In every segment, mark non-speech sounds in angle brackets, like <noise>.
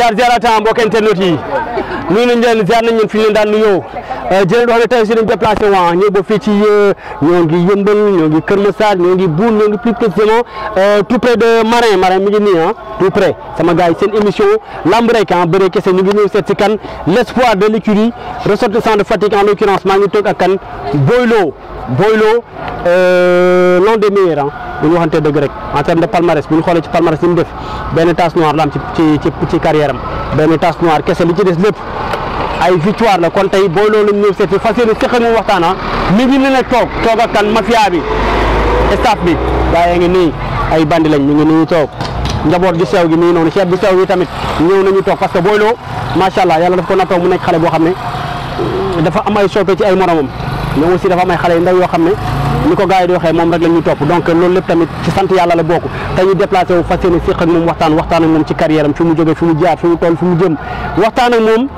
ziar ziarata mbokk internet yi nuyu nañ leen ziar nañ leen fi ñu leen daan nuyoo jërëjëf euh, wax ne tey si dañ déplacé waa ñëw ba fii ci euh, ñoo ngi yëmbal ñoo ngi Kër Massar ñoo ngi Boune ñoo ngi plus précisément euh, tout près de Marin Marin mi ngi nii ah tout près sama gars yi seen émission lamb rek ah bëree kese ñu ngi ñëw seet si kan l' espoir de l'écurie ressortissant de Fatick en l'occurrence maa ngi toog ak kan Boy Boylo euh, l'un des meilleurs ah bu ñu waxantee dëgg rek en terme de palmarès buñu xolé ci palmarès ñu def benn tasse noire la am ci ci ci carrière am benn tasse noire kessé li ci dess lepp ay victoire la kon tay Boylo lu ñu seeti fas ci seq nañu waxtaan ah mi ngi leen a toog ak kan mafia bi staff bi waaye ngi ni ay bandi lañ ñu ngi nii tok njaboot gi sew gi mi ngi noonu ceeb bi sew gi tamit ñew nañu tok parce que Boylo machallah yalla yàlla daf ko nattoo mu nekk xalé bo xamné dafa am ay soppe ci ay moromam mais aussi dafa am ay xale yu ndaw yoo xam ne ni ko gars yi di waxee moom rek la ñuy topp donc loolu lépp tamit ci sant yàlla la bokk te ñu déplacé wu fas yéene séq ak moom waxtaan waxtaan ak moom ci carrière am fi mu jógee fi mu jaar fi mu toll fi mu jëm waxtaan ak moom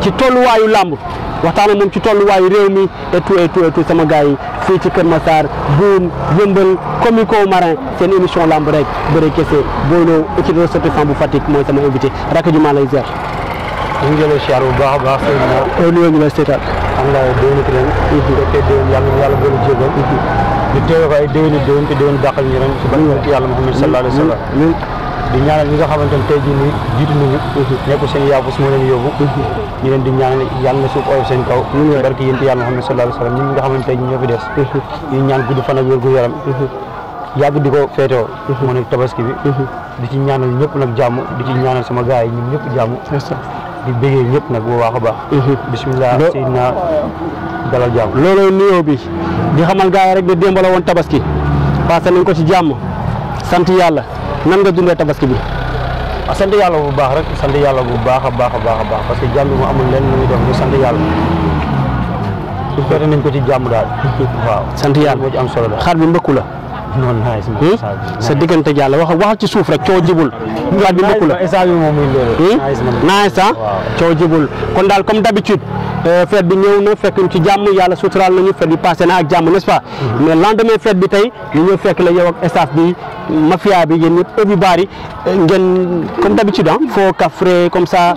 ci tolluwaayu làmb waxtaan ak moom ci tolluwaayu réew mi te tout et tout et tout sama gars yi fii ci Kër Massar Boum Yeumbeul Comico Marin seen émission làmb rek bëre kese Boy Lo équipe de sotti fan bu Fatick mooy sama invité rakk ji maa lay ziar ñu ngi leen siyaar bu baax a baax sëñ bi. au niveau université daal. xam nga déwénu ko ren. fekkee déwén yàlla yàlla gën a jégal. ñu teew ko ay déwénu déwén te déwén dàqal ñu ren. ci barke yàlla Muhammad sallallahu alayhi wa sallam. di ñaanal ñi nga xamante ne tey jii nii jiitu nañu. nekkul seen yaafus moo leen yóbbu. ñu leen di ñaanal yàlla na suuf oyof seen kaw. barke yéen te yàlla Muhammad sallallahu alayhi wa sallam ñi nga xamante ne ñoo fi des. ñu ñaan gudd fan ak wér gu yaram. yàgg di ko feetoo moo nekk tabaski bi di ci ñaanal ñëpp nag jàmm di ci ñaanal sama gaay yi ñun ñëpp jàmm di bëggee ñëpp nag bu baax a baax. Mhm. bisimilah Seydina dalal jàmm. looloo nuyoo bi di xamal gars yi rek ne démb la woon tabaski passé nañ ko ci jàmm sant yàlla nan nga dundee tabaski bi. waaw ah, sant yàlla bu baax rek sant yàlla bu baax a baax a baax a baax parce que jàmm bi mu amul leen lu muy def ñu sant yàlla. su mhm. fekkee nañ ko ci jàmm daal. Mhm. waaw sant yàlla moo ci am solo la xar bi mbëkku la. noonu laay hmm? sa diggante yàlla wax waxal ci suuf rek coow jibul baat bi mbokku la naaj hmm? ah? sa coow jibul kon daal comme d'habitude euh, fête bi ñëw na fekk ci jàmm yàlla suturaal nañu fête bi passé na ak jàmm n'est-ce pas mhm. mais bi tey ñu ñëw la yow ak bi mafia bi yéen ñëpp everybody euh, ngeen comme d'habitude ah foo kafre comme ça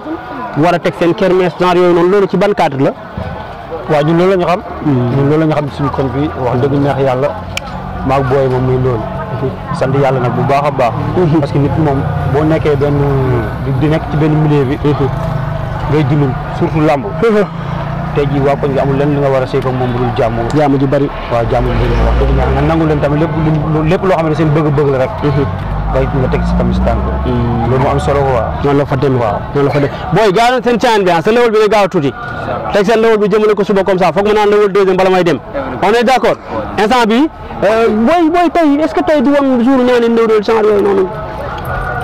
war a teg seen kermesse genre yooyu noonu loolu ci ban cadre la waaw ñun loolu la ñu xam hmm. ñun loolu la ñu xam suñu koñ bi wax dëgg neex yàlla maag booy moom muy loolu sant yàlla nag bu baax a baax parce que nit moom boo nekkee benn di nekk ci benn milieu bi ngay dundul surtout làmb tey jii waa koñ nga amul lenn li nga war a sëy moom bu dul jàmm jàmm ju bari waaw jàmm ju bari wax dëgg ñaa nga nangu leen tamit lépp lépp loo xam ne seen bëgg-bëgg la rek day nga teg si tamit si tànk hmm. loolu mu am solo quoi noonu la fa dem waaw noonu la fa dem booy gaaw seen caan bi ah seen level bi nga gaaw tuuti teg seen level bi jëmale ko suba comme ça foog mu naan level deuxième bala may dem on est d' accord instant bi euh, booy booy tey est ce que tey di woon jour ñaani néew dool genre yooyu noonu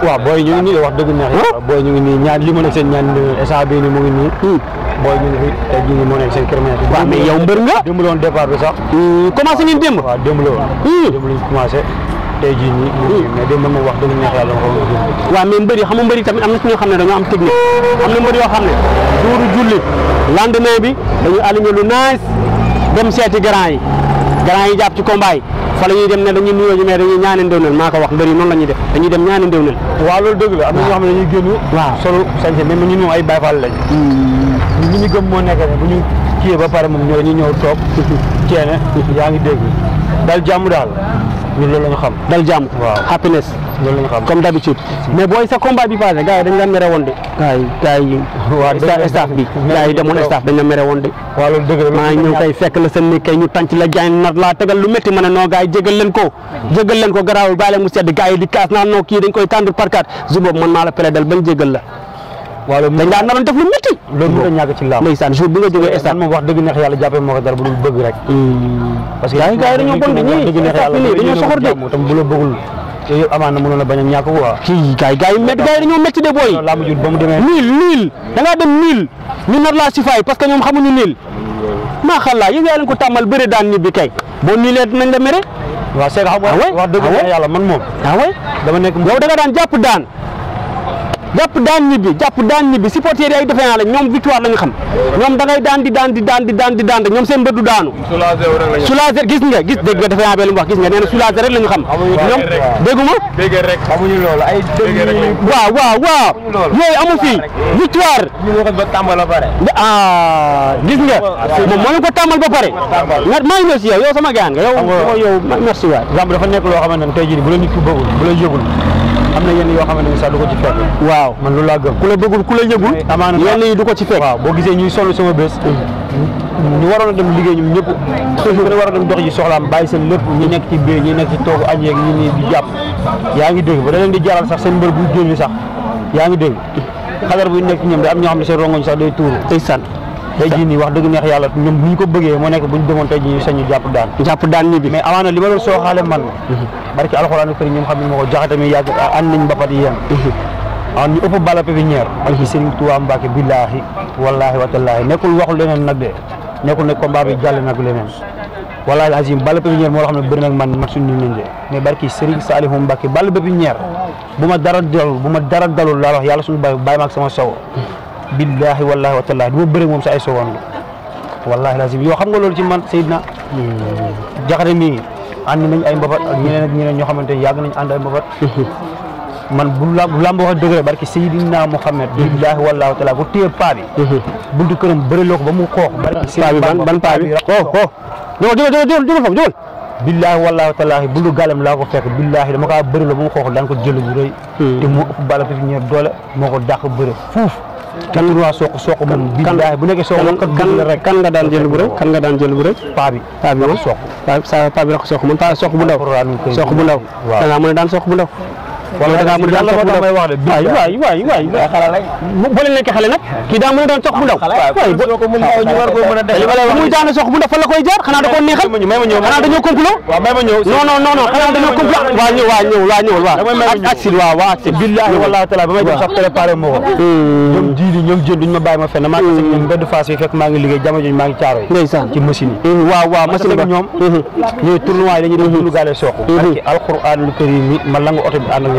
waaw booy ñu ngi nii wax dëgg neex booy ñu ngi nii ñaan li ma nekk seen ñaan instant bii nii mu ngi nii hmm. booy ñu ngi fi tey jii nii moo nekk seen kilomètre waaw mais yow mbër nga démb la woon départ bi sax hmm, commencé ngeen démb waaw démb la woon démb lañ commencé tey jii nii mais démb ma wax dëgg neex yàlla waxoon na waaw mais mbëri xam nga mbëri tamit am na ci ñoo xam ne dañoo am technique am na mbëri yoo xam ne duuru julli lendemain bi dañu aligné lu nice dem seeti grand yi grand yi jàpp ci combat yi fa la ñuy dem ne dañuy nuyoo ñu mais dañuy ñaane ndéwnal maa ko wax mbëri noonu la ñuy def dañuy dem ñaane ndéwnal waaw loolu dëgg la am na ñoo xam ne dañuy génn waaw solo sañse mais ñu ñu ay Baye Fall lañ hmm. ñu ñu gëm moo nekk ne bu ñu kiyee ba pare moom ñoo ñu ñëw toog <laughs> ceene yaa ngi dégg daal jàmm daal ñun loolu la nga xam dal jàmm happiness loolu la nga xam comme d'habitude mais booy sa combat bi passé gars yi dañ la mere woon de gars yi gars staff dañ la mere woon maa ñëw kay fekk la ni kay ñu tànc la jaan nar laa tegal lu métti ma ne non gars yi leen ko jégal leen ko garaawul bàyyi mu sedd gars di kaas naan non kii dañ koy tàndur par quatre jour boobu man maa la pele dal bañ jégal la waaw dañ daan naroon def lu métti loolu mën na ñàkk ci làmb moom wax dëgg neex yàlla jàppee moo ko dara bëgg rek hmm. parce que gaa yi de tam bu la bëggul yooyu a a da ngaa dem niil ñu nar laa sifaay parce ñoom xamuñu niil maa xalla yi leen ko tàmmal bëri daan ñibbi kay boo niilee dinañ la mere waaw seeg ah ah ah daan jàpp daan jàpp daan ñibbi jàpp daan ñibbi supporters yi ay défaillant la ñoom victoire la ñu xam ñoom da ngay daan di daan di daan di daan di daan ñoom seen mbëddu daanu soulager gis nga gis dégg nga défaillant bi lu mu wax gis nga nee na soulager rek la ñu xam ñoom dégguma waaw waaw waaw yooyu amu fii victoire ah gis nga ah, moom moo ñu ko tàmbal ba pare maa ngi ñëw si yow yow sama gaan nga yow yow merci waay dafa nekk loo xamante ne tey jii bu la nit ki bëggul bu la yëgul am na yenn yoo xam ne ni sax du ko ci fekk waaw man loolu laa gëm ku la bëggul ku la yëgul amaana yenn yi du ko ci fekk waaw boo gisee ñuy sonn sama bés mm. ñu waroon a dem liggéey ñoom ñëpp toujours mm. war a dem dox ji soxlaam bàyyi seen lépp ñi nekk ci biir ñi nekk ci toogu añ yeeg ñi ni jàpp yaa ngi dégg ba da leen di jaral sax seen mbër bu génn sax yaa ngi dégg xadar bu nekk ñoom de am ñoo xam ne seen rongoñ sax day tuuru day sant tey jii nii wax dëgg neex yàlla ñoom bu ñu ko bëggee moo nekk bu ñu demoon tey jii ñu sañu jàpp daan jàpp daan ni bi mais amaana li ma doon sooxaale man mhm. barki alxuraanu kër ñoom xam ne ma ko jaxate yàgg ànd nañ mbapat yi yéen mhm. an ah, ñu ëpp bala pépinière mhm. barki Serigne Touba Mbacke billaahi wallaahi watallaahi nekkul waxul leneen nag de nekkul ne combat bi jàll nag leneen wallaahi azim bala pépinière moo la xam ne bëri nag man man wax yàlla suñu bàyyi bàyyi maag billahi wallahi wa taala bo bëri mom sa ay seconde wallahi lazim yo xam nga lolou ci man sayyidna jaxare mi and nañ ay mbabat ak ñeneen ak ñeneen ño xamante yag nañ and ay mbabat <laughs> man bu lamb bu wax dëgg barki Seydina muhammad hmm. billahi wallahi wa taala bu téye pa bi hmm. buntu këram beure loo ko ba mu xoox barki Seydina ban ban pa bi oh oh dama dama dama dama dama fam dama billahi wallahi taala buntu galam la ko fek billahi dama ka beure loo mu xoox dan ko jël bu reuy hmm. te mu ëpp bala fi ñe doole moko ko beure fuf kan roi soq soq moom. kan bu nekkee soq kan kan nga daan jël bu rek kan nga daan jël bu rek. paa bi paa bi moom soq. paa paa bi rek soq moom paa soq bu a daan soq bu wala da a doon nekkee xale nag kii daa mën a doon sox bu ndaw waay muy daana sox bu ndaw fan koy jaar xanaa da koo neexal xanaa dañoo complot non non non non xanaa dañoo complot waa ñëw waa ñëw waa ñëwul waa ba may dem sax préparé moo ko ñoom jiili ñoom jën duñ ma bàyyi ma fenn maa ngi ñoom mbedd face yi fekk maa ngi liggéey jamono ji maa ngi caaro yi ci machine yi waaw waaw machine ñoom ñooy tournoi yi dañuy def tournu gaale sox alquranul karim ma la nga oto bi ànd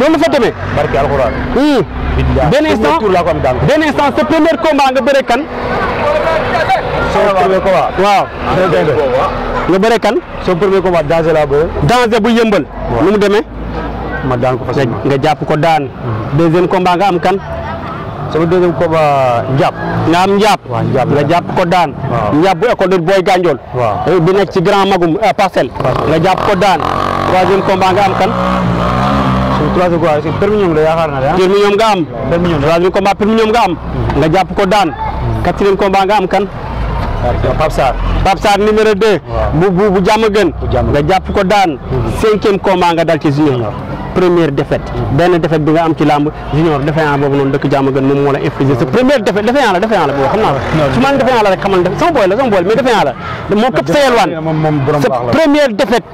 loolu la fa demee. barke alxuraan. Hmm. benn instant san instant sa premier combat nga kan. sama premier combat. waaw. nga bëre kan. sama premier combat danger bu yëmbal. nu mu demee. nga jàpp ko daan. Hmm. deuxième combat nga am kan. sama deuxième combat njàpp. nga am njàpp. nga jàpp ko daan. waaw njàpp bu école booy eh, bi nekk ci grand magum eh, parcelle. nga jàpp ko daan. troisième combat nga am kan. troisième combat si permis ñoom la yaakaar na de ah. permis ñoom nga am. permis ñoom mm-hmm. troisième combat permis ñoom nga am. nga jàpp ko daan. Mm-hmm. quatrième combat nga am kan. Pape Sarr Pape Sarr numéro 2. bu bu bu jàmm gën. nga jàpp ko daan. Mm-hmm. cinquième combat nga dal ci junior. première défaite benn défaite bi nga am ci làmb junior défaillant boobu noonu dëkk jàmm gën moom moo la infligé sa première défaite défaillant la défaillant la boobu xam naa la su ma ne défaillant la rek xamal sama boy la sama boy la mais défaillant la moom képp sa yelwaan sa première défaite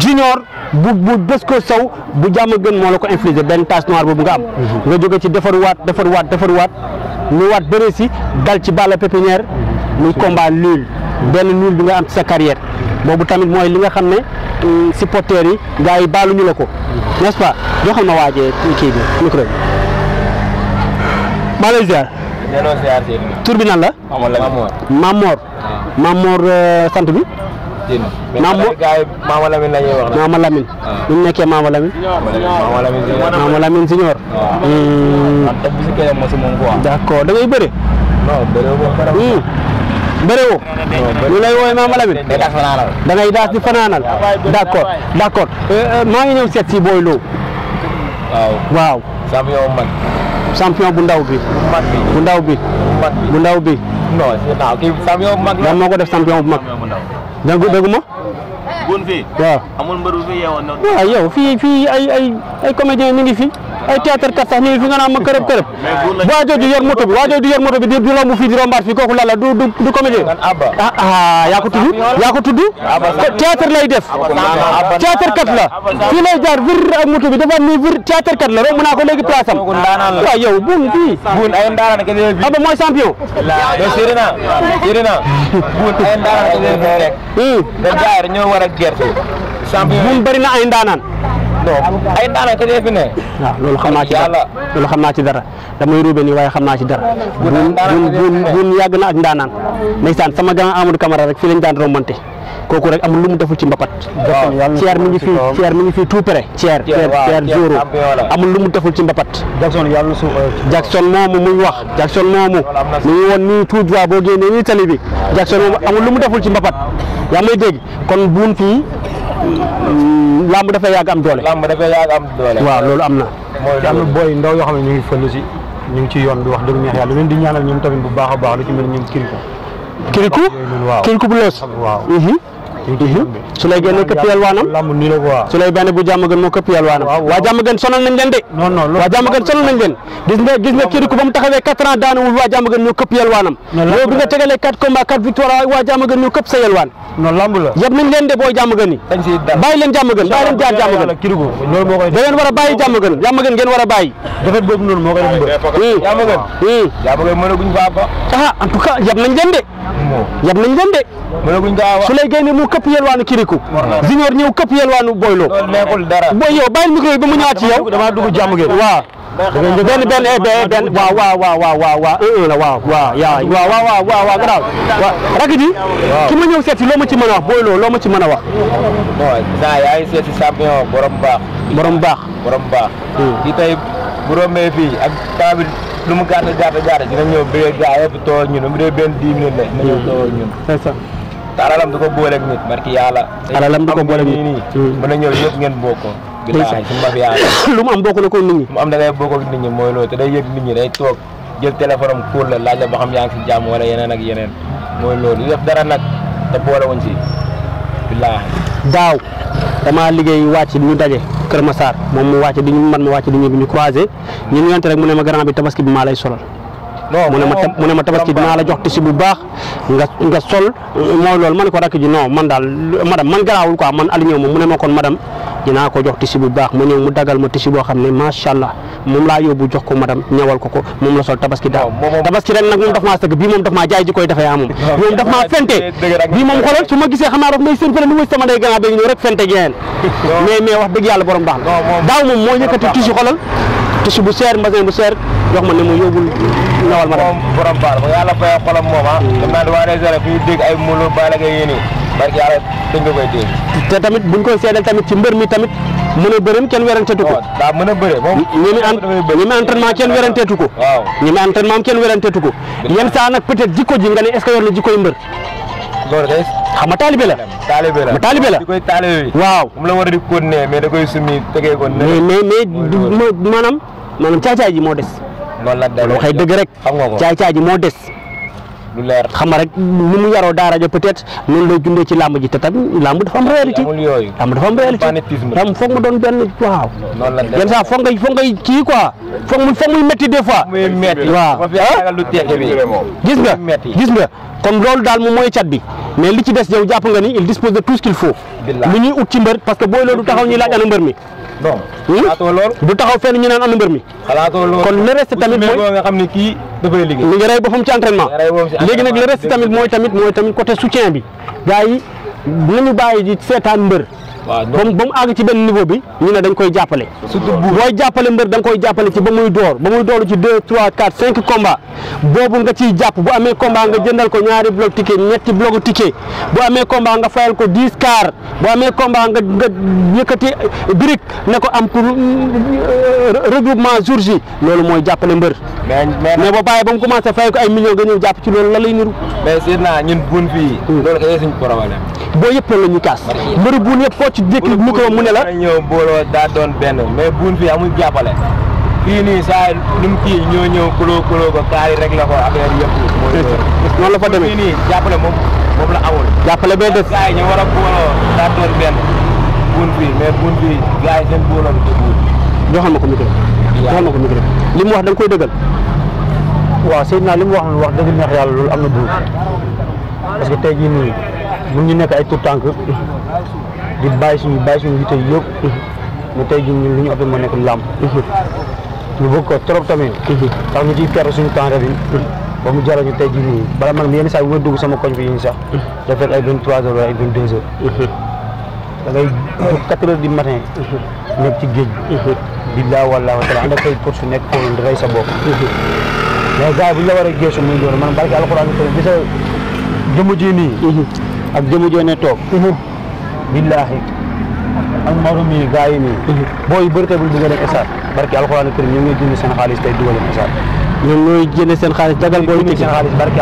junior bu bu bés ko sow bu jàmm gën moo la ko infligé benn tache noire boobu nga am. Mhm. nga jóge ci defaruwaat defaruwaat defaruwaat ñu waat bëre si dal ci Balla Pépinière mhm. muy combat nul benn nul bi nga am ci sa carrière boobu tamit mooy li nga xam ne mm, supporters yi gars yi baaluñu la ko mhm. n'est-ce pas joxal ma waajee kii bi micro la. Mamor Mamor euh, sant bi. maam mu maama Lamine la ñuy wax. maama Lamine. waaw ah. nu mu nekkee maama Lamine. maama Lamine senior maama Lamine senior. woo. Ah. Hmm. bëre woo. lu hmm. lay woowee maama daas di fanaanal. Ah, d' accord d' accord euh, euh, maa ngi ñëw seet si Boy Lo. waaw waaw. champion bu ndaw bi. bu ndaw bi. bu bi. non moo ko def champion dégg déggu ma. gun fii. waaw amul mbër bu fi fii fii ay ay ay comédien ñu ngi fi. ay théâtre kat sax ñuy fi nga naan ma kërëb kërëb waajoo ju yor moto bi waajoo ju yor moto bi di di romb fii di rombaat fii du du comédien ah ah yaa lay def théâtre kat la fii lay jaar vir ak moto bi dafa nii vir théâtre kat la romb naa ko léegi place am waaw yow buun bii ay ndaanaan da hmm. jaar ñoo war a gerte champion buun na ay ndaanaan ay daanaka ñoo fi ne. waaw loolu xam naa ci dara loolu xam naa ci dara damay ruube nii waaye xam naa ci dara. buun buun buun na ak ndaanaan. ndeysaan sama grand Amadou Camara rek fii lañ daan rombante kooku rek amul lu mu deful ci mbapat. Thier mi ngi ngi fi tout près. Thier Thier Thier Joro amul lu mu deful ci mbapat. Jackson yàlla na euh, moomu muy wax Jackson moomu mu ngi woon nii tout droit boo nii tali Jackson moomu amul lu mu deful ci mbapat yaa may dégg kon buun fii. làmb dafay yàgg am doole. làmb dafay yàgg am doole. waaw loolu am na. mooy am booy ndaw yoo xam ne si ñu ci yoon bi wax dëgg neex yàlla leen di ñaanal ñoom tamit bu baax a baax lu ci mel kiriku. kiriku kiriku bu su lay bu jàmm moo këpp yalwaanam waa jàmm gën sonal nañ de waa jàmm gën sonal nañ gis nga kiriku ba mu taxawee quatre ans daanawul waa jàmm gën ñoo këpp yalwaanam yow nga tegalee quatre combats quatre victoire waa jàmm gën ñoo këpp sa yalwaan non lamb la de booy jàmm gën yi bàyyi leen jàmm gën bàyyi leen jaar jàmm gën da ngeen war a bàyyi jàmm gën jàmm gën ngeen de yëpp nañ leen de mënaguñ ko mu këpp yelwaanu kiriku junior ñëw këpp yelwaanu boylo boy yow bàyyil micro yi ba mu ñëwaat ci yow dama dugg jàmm ge waaw benn benn benn benn waaw waaw waaw waaw waaw waaw un un la waaw waaw yaa waaw waaw waaw waaw waaw garaaw waaw rakk ji ki ma ñëw seet si loo ma ci mën a wax booy loo loo ma ci mën a wax saa yaa ngi seet si champion borom baax borom baax borom baax di tey bu rombee fii ak temps bi lu mu gàtt gàtt gàtt dina ñëw bëree gaa yëpp toog ñun mu dee benn dix minutes la dina ñëw toog ñun te alalam du ko booleeg nit barki yàlla. alalam du ko booleeg nit hmm. mën a ñëw yëpp ngeen bokkoo. bilaay su mbaf yàlla. <coughs> lu mu am bokkul ko nit ñi. mu am da ngay bokk ak nit ñi mooy loolu te day yëg nit ñi day toog jël téléphone am kóol la laaj la ba jàmm wala yeneen ak yeneen mooy loolu def dara nag te boole wuñ si bilaay. daaw damaa liggéey wàcc ñu daje Kër Massar moom mu wàcc di ñu man ma wàcc di ñu bi ñu croisé ñun ñeente rek mu ne ma grand bi tabaski bi maa lay solal mu ne ma mu ne ma tabaski dinaa la jox tisi bu baax nga sol mooy loolu ma ko rakk ji non man daal madame man garaawul quoi man aliñëw ma mu ne ma kon madame dinaa ko jox tisi bu baax ma ñëw mu dagal ma tisi boo xam ne macha allah moom laa yóbbu jox ko madame ko ko moom la sol tabaski daal tabaski ren ma gisee xam naa daf may seen mais mais wax dëgg yàlla borom baax la daaw moom moo yëkkati tisi xoolal tisi bu seer mbasin bu seer jox ma ne mu yóbbul nawal ma moom baar ba yàlla fay xolam moom ah xam naa dama réservé fi ay mulu baala ngay yéene barke yàlla dañ koy te tamit buñ koy tamit mi tamit mën a bëreem kenn weranteetu ko oh, daa mën a bëre moom ñi mi entraînement kenn weranteetu ko jikko ji nga ne est-ce que yor na jikkoy taalibe la ma taalibe la waaw mu la a di continuer mais moo des loolu waxee dëgg rek caay-caay ji moo des du leer xam nga rek ni mu yaroo daara ja peut-être noonu lay ci làmb ji te tamit làmb dafa am réalité làmb dafa am réalité tam foog mu doon benn waaw yenn saa foog ngay foog ngay foog mu foog muy métti des fois waaw gis nga gis nga kon loolu daal moom mooy cat bi mais li ci des yow jàpp nga ni il dispose de tout ce qu'il lu ñuy ut ci mbër parce booy loolu taxaw ñuy laaj mbër mi donc lool du taxaw fenn ñu naan ana mbër mi xalaatoo lool kon le tamit mooy nga xam ne kii dafay liggéey mi ngi rey ci entraînement léegi nag tamit mooy tamit mooy tamit côté soutien bi gars yi nañu bàyyi di seetaan mbër bam bam ag ci ben niveau bi ñu ne dañ koy jappalé boy jappalé mbeur dañ koy jappalé ci bamuy door bamuy door ci 2 3 4 5 combat bobu nga ciy japp bu amé combat nga jëndal ko ñaari bloc ticket ñetti bloc ticket bu amé combat nga fayal ko 10 car bu amé combat nga nga yëkëti brick ne ko am pour euh, regroupement jour J lolu moy jappalé mbeur mais bo baye bam commencé fay ko ay millions nga ñew japp ci lolu la lay niru mais sirna ñun buñ fi hmm. lolu kay suñu problème bo yépp lañu kass mbeur buñ yépp ci dëkk bi micro mu ne la. ñëw booloo daa doon benn mais buun fii amul jàppale. fii nii saa nu mu kii ñoo ñëw kuloo kuloo ko kaar yi rek la ko affaire yëpp. noonu la fa demee jàppale moom moom la awul jàppale bee de gars yi ñu war a booloo daa doon benn buun fii mais buun fii gars yi seen booloo bi dëggul. joxal ma ko micro. waaw joxal ma ko micro li mu wax da nga koy dëggal. waaw Seydina li mu wax noonu wax dëgg neex yàlla loolu am na buun parce que tey jii nii mun ñu nekk ay tout di bay suñu bay suñu yite yëpp mu tay ji ñu lu ñu ëpp moo nekk làmb ñu bokk trop tamen tax ñu ci perte suñu temps rabi ba mu jaral ñu tey jii nii bala man yenn sa wëddu ma sama koñ bi ñu sax da fekk ay 23h wala ay 22h da ngay jóg quatre heures du matin nekk ci géej bi billaa wallaahi taala ànd ak ay pour su nekk foofu di sa bokk mais gaay bu ñu la war a geesu muy loolu man barke alcorane ko gis jëmuji ni ak jëmuji ne tok billaahi ak Maodo mii gars yi nii. boo yu bëri tey bul dugal ak esaat barki alxuraan kër ñu seen xaalis tey dugal ak esaat. ñoom ñooy jënd seen xaalis dagal booy tëj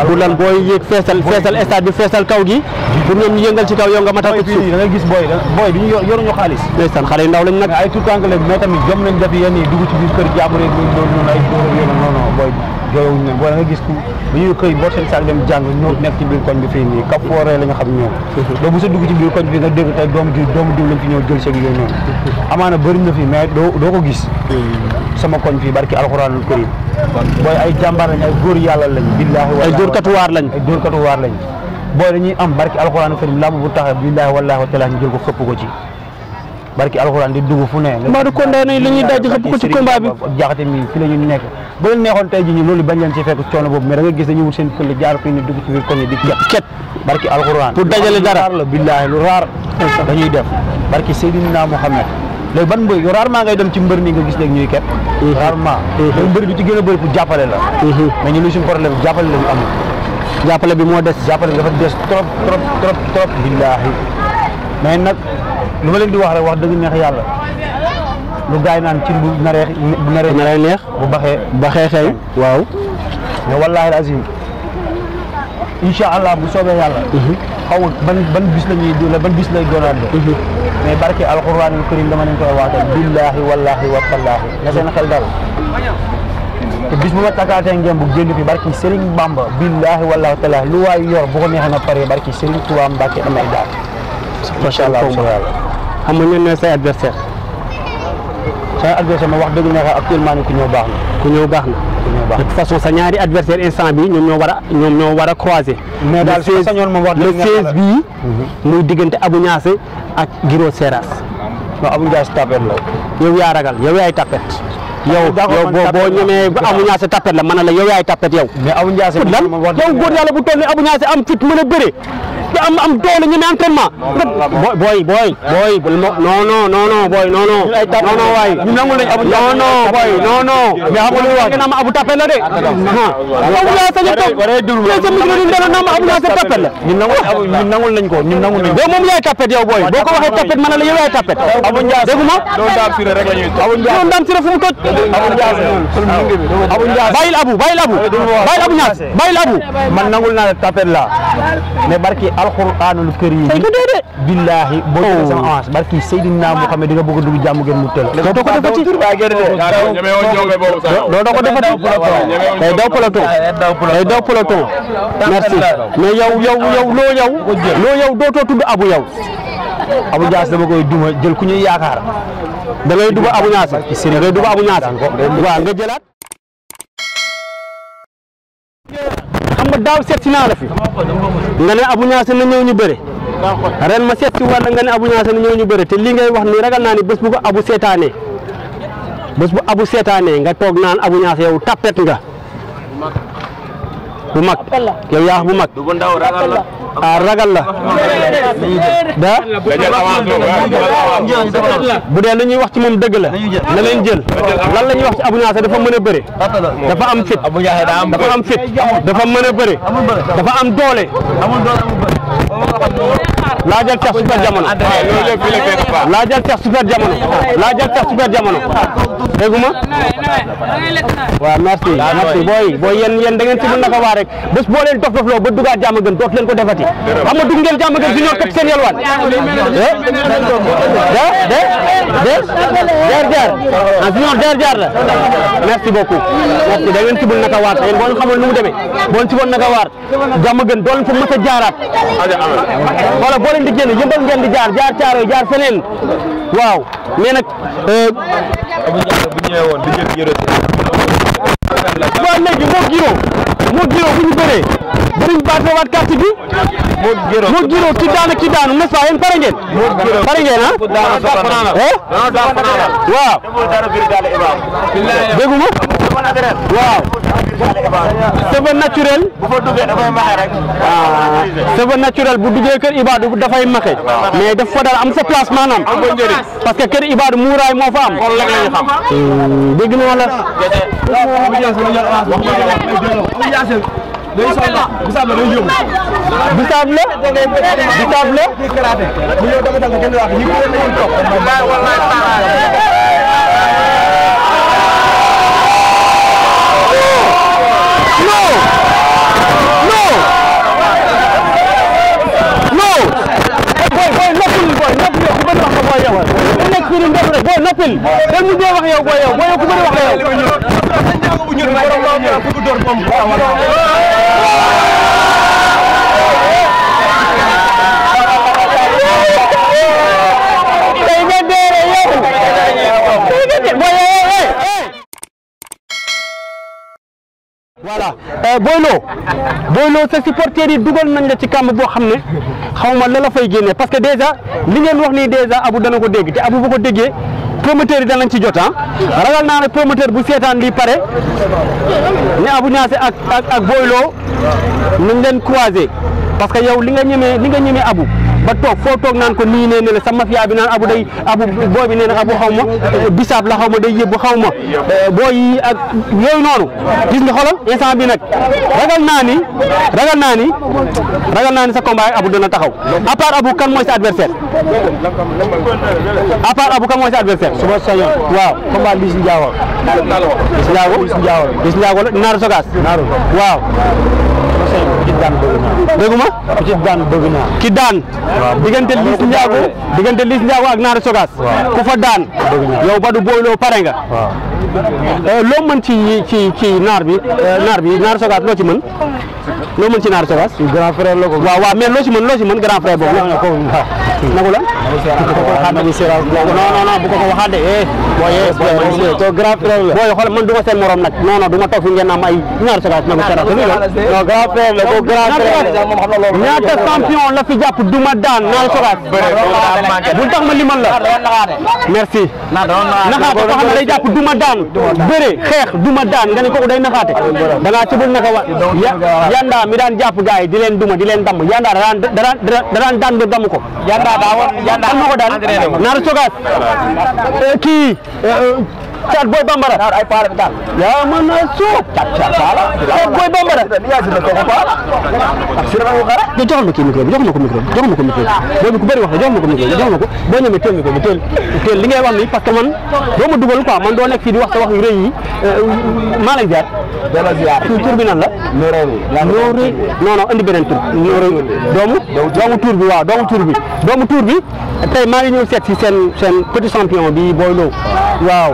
pour lan booy yéeg feesal feesal stade bi feesal kaw gi pour ñoom ñu yëngal ci kaw yow nga matal ko ci da ngay gis booy booy bi ñu yoruñu xaalis ndeysaan xale yu ndaw lañ nag ay tout tànk lañ jom nañ def yenn yi dugg ci biir kër jàmbur yi noonu ay jooyewuñu leen wala nga gis ku dañuy xëy boo seen saak dem jàng ñëw nekk ci biir koñ bi fii nii kap fooree la nga xam ñoom doo <laughs> bu sa dugg ci biir koñ fii nga dégg tey doomu diw fi ñëw jël seeg yooyu noonu <laughs> amaana bëri na fi mais doo doo ko gis hmm. sama koñ fii barki alxuraanul karim booy ay jàmbaar lañ ay góor yàlla lañ billaahi ay dóor katuwaar lañ ay dóor katuwaar lañ booy am barki alxuraanul karim lamb bu taxee billaahi wallaahi wa taala ñu jël ko xëpp ko ci barki alxuraan di dugg fu ne. Madou Konde nañ li ñuy daj xëpp ko ci combat bi jaxate mi fi la ñu nekk ba leen neexoon ji ñu loolu bañ leen ci fekk coono boobu mais da gis dañu wut seen këll jaar fi ñu dugg di ket ket barki alxuraan pour dajale dara billaahi lu raar dañuy def barki Seydina Mouhamed léegi ban mbër rarement ngay dem mi nga gis léegi ñuy ket rarement léegi mbër bi ci gën a bëri pour jàppale la mais ñu lu suñu problème jàppale la ñu am jàppale bi moo des jàppale bi dafa des trop trop trop trop billaahi mais nag lu ma leen di wax rek wax dëgg neex yàlla lu gaay naan cin bu naree bu naree neex bu baxee baxee xew waaw mais wallaahi azim incha allah bu soobee yàlla mhm. xaw ban ban bis la ñuy la ban bis lay doonaat de mhm. mais barke alxuraanul karim dama leen koy waata billaahi wallaahi wa tallaahi na seen xel dal te bis bu ma takkaatee ngeen bu génn fi barki Serigne Bamba billaahi wallaahi wa lu waay yor bu ko neexee na pare barki Serigne Touba Mbacke amay daal macha allah xam nga ñun ñooy say adversaire say adversaire ma wax dëgg neex actuellement ni ku ñëw baax na ku ñëw baax na de toute façon sa ñaari adversaire instant bi ñoom ñoo war a ñoom ñoo war a mais daal sañoon moom wax dëgg le 16 bii mhm. muy diggante abu Niasse ak Giro Seras non Abou Niasse tapet la yow yaa ragal yow yaay tapet yow yow boo boo ñemee ba Abou Niasse tapet la man la yow yaay tapet yow mais Abou Niasse yow a bëre am am doole ñeme entraînement boy boy boy non non non non boy non non non non waay ñu nangul lañ abu non non boy non non mais xamul wax ngeen am abu tapel la de abu la sa ñep sa micro ni dara nam abu la sa la ñu nangul abu ko ñu nangul lañ ko moom yaay tapet yow boy boo ko waxee tapet man la yow yaay tapet abu ndiass déguma do ndam sire rek lañuy abu ndiass do ndam la alquranul karim billahi boo jëlee oh. sama avance barki Seydina Muhammad di nga bëgg a dugg jàmm ngeen mu tëla doo ko defati doo ko defati day daw peloton day daw peloton merci mais yow yow yow loo yow loo yow dootoo tudd abu yow abu jaas dama koy duma jël ku ñuy yaakaar da ngay duma abu ñaas da ngay duma abu ñaas waaw nga jëlaat ba daaw seet si naa la fi nga ne Abou Niasse na ñëw ñu bëre ren ma seet si wàll nga ne Abou Niasse na ñëw ñu bëre te lii ngay wax ni ragal naa ni bés bu ko Abou seetaanee bés bu Abou seetaanee nga toog naan abu ñaase yow tapet nga bu mag yow yaa bu mag. a ah, ragal la da bu dee la ñuy wax ci moom dëgg la leen jël la ñuy wax ci Abou Niasse dafa mën a bëre dafa am fit dafa am fit dafa mën a bëre dafa am doole laajal Cheikh Super Jamono laajal Cheikh Super Jamono laajal Cheikh Super Jamono dégguma waaw merci merci booy booy yéen yéen da ngeen ci mën naka waa rek bés dof dofloo ba dugaat jàmm gën doot leen ko defati xam nga dugg ngeen jàmm ngeen junior kat seen yalwaan de de der der en junior der der la merci beaucoup merci da ngeen ci bul naka waar yéen boo leen xamul nu mu demee boo leen ci woon naka waar jàmm gën doo leen fa mës a jaaraat wala boo leen di génn yëmbal ngeen di jaar jaar caaro jaar feneen waaw mais nag euh, bu ñëwee woon di jël waaw moo giro bu ñu bëree dinañ baatewaat carte bi moo giro ki daanu ki daanu n'est-ce pas yéen pare ngeen pare ngeen ah eh? waaw dégguma waaw. sëba naturel. bu fa duggee ah. bu duggee kër Ibadou dafay maxe. mais daf fa dal am sa place maanaam. parce que kër Ibadou muuraay moo fa am. kon léegi la ñu xam. Hmm, dégg nga wala. day sunu ndox boo noppil dañ mu wax yow boo yow boo yow mën a wax la yow voilà euh, Boy Lo Boy Lo sa supporters yi dugal nañ la ci kàmb boo xam ne xaw ma la la fay génnee parce que déjà li ngeen wax nii déjà abu dana ko dégg te abu bu ko déggee promoteur yi danañ ci jot a ah. ragal naa ne promoteur bu seetaan lii pare ne abu ñaase ak ak ak nañ leen croiser parce que yow li nga ñemee li nga ñemee abu ba toog foo toog naan ko nii nee ne la sa mafia bi naan abu day abu boo bi nee na abu xaw ma bisaab la xaw ma day yëbbu xaw ma euh, boo yi ak yooyu noonu gis nga xoolal instant bi nag ragal naa ni ragal naa ni ragal naa ni sa combat ak abu dana taxaw à part abu kan mooy sa adversaire à part abu kan mooy sa adversaire suma sañoon waaw combat bi si njaago bis njaago la naaru sogaas waaw daan bëgg naa dégguma ku ci daan bëgg naa ki daan diggante Liss Ndiago diggante Liss Ndiago ak Naar Sogas ku fa daan yow Badou Boy Lo pare nga eh, loo mën ci ci ci naar bi eh, naar bi Naar Sogas loo ci mën loo mën ci Naar Sogas grand frère la ko waaw waaw mais loo ci mën loo ci mën grand frère boobu nagu non non bu ko ko waxaat eh boy to grand frère la boy man du ma morom nag non non du ma toog ngeen am ay Sogas nagu grand frère ñaata champion la fi jàpp duma daan naa soxaat bul tax ma limal la merci naxaate ko xam ne day jàpp duma daan bëre xeex duma daan nga ne kooku day naxaate da ngaa cibul naka wa yanda mi daan jàpp gaay di leen duma di leen damm yanda da daan daan do damm ko yanda daa war yanda ko daan naa soxaat kii cat boy bambara ya mana a cat cat cat boy bambara ya jira ko ko sira ko kara do jox ma ki micro jox ma ko micro jox ma ko micro boobu ku bëri wax jox ma ko micro jox ma ko boo ñëwee teel ko li ngay wax nii man doo ma dugal quoi man doo nekk fii di wax wax yi euh, maa lay jaar delloo ziar ah, tur bi nan la. Noorori Noorori non non indi beneen tur. Ah, Noorori doomu. doomu tur bi waaw doomu tur bi. doomu tuur bi tey maa ngi ñëw set si seen seen petit champion bi Boy Lo. waaw.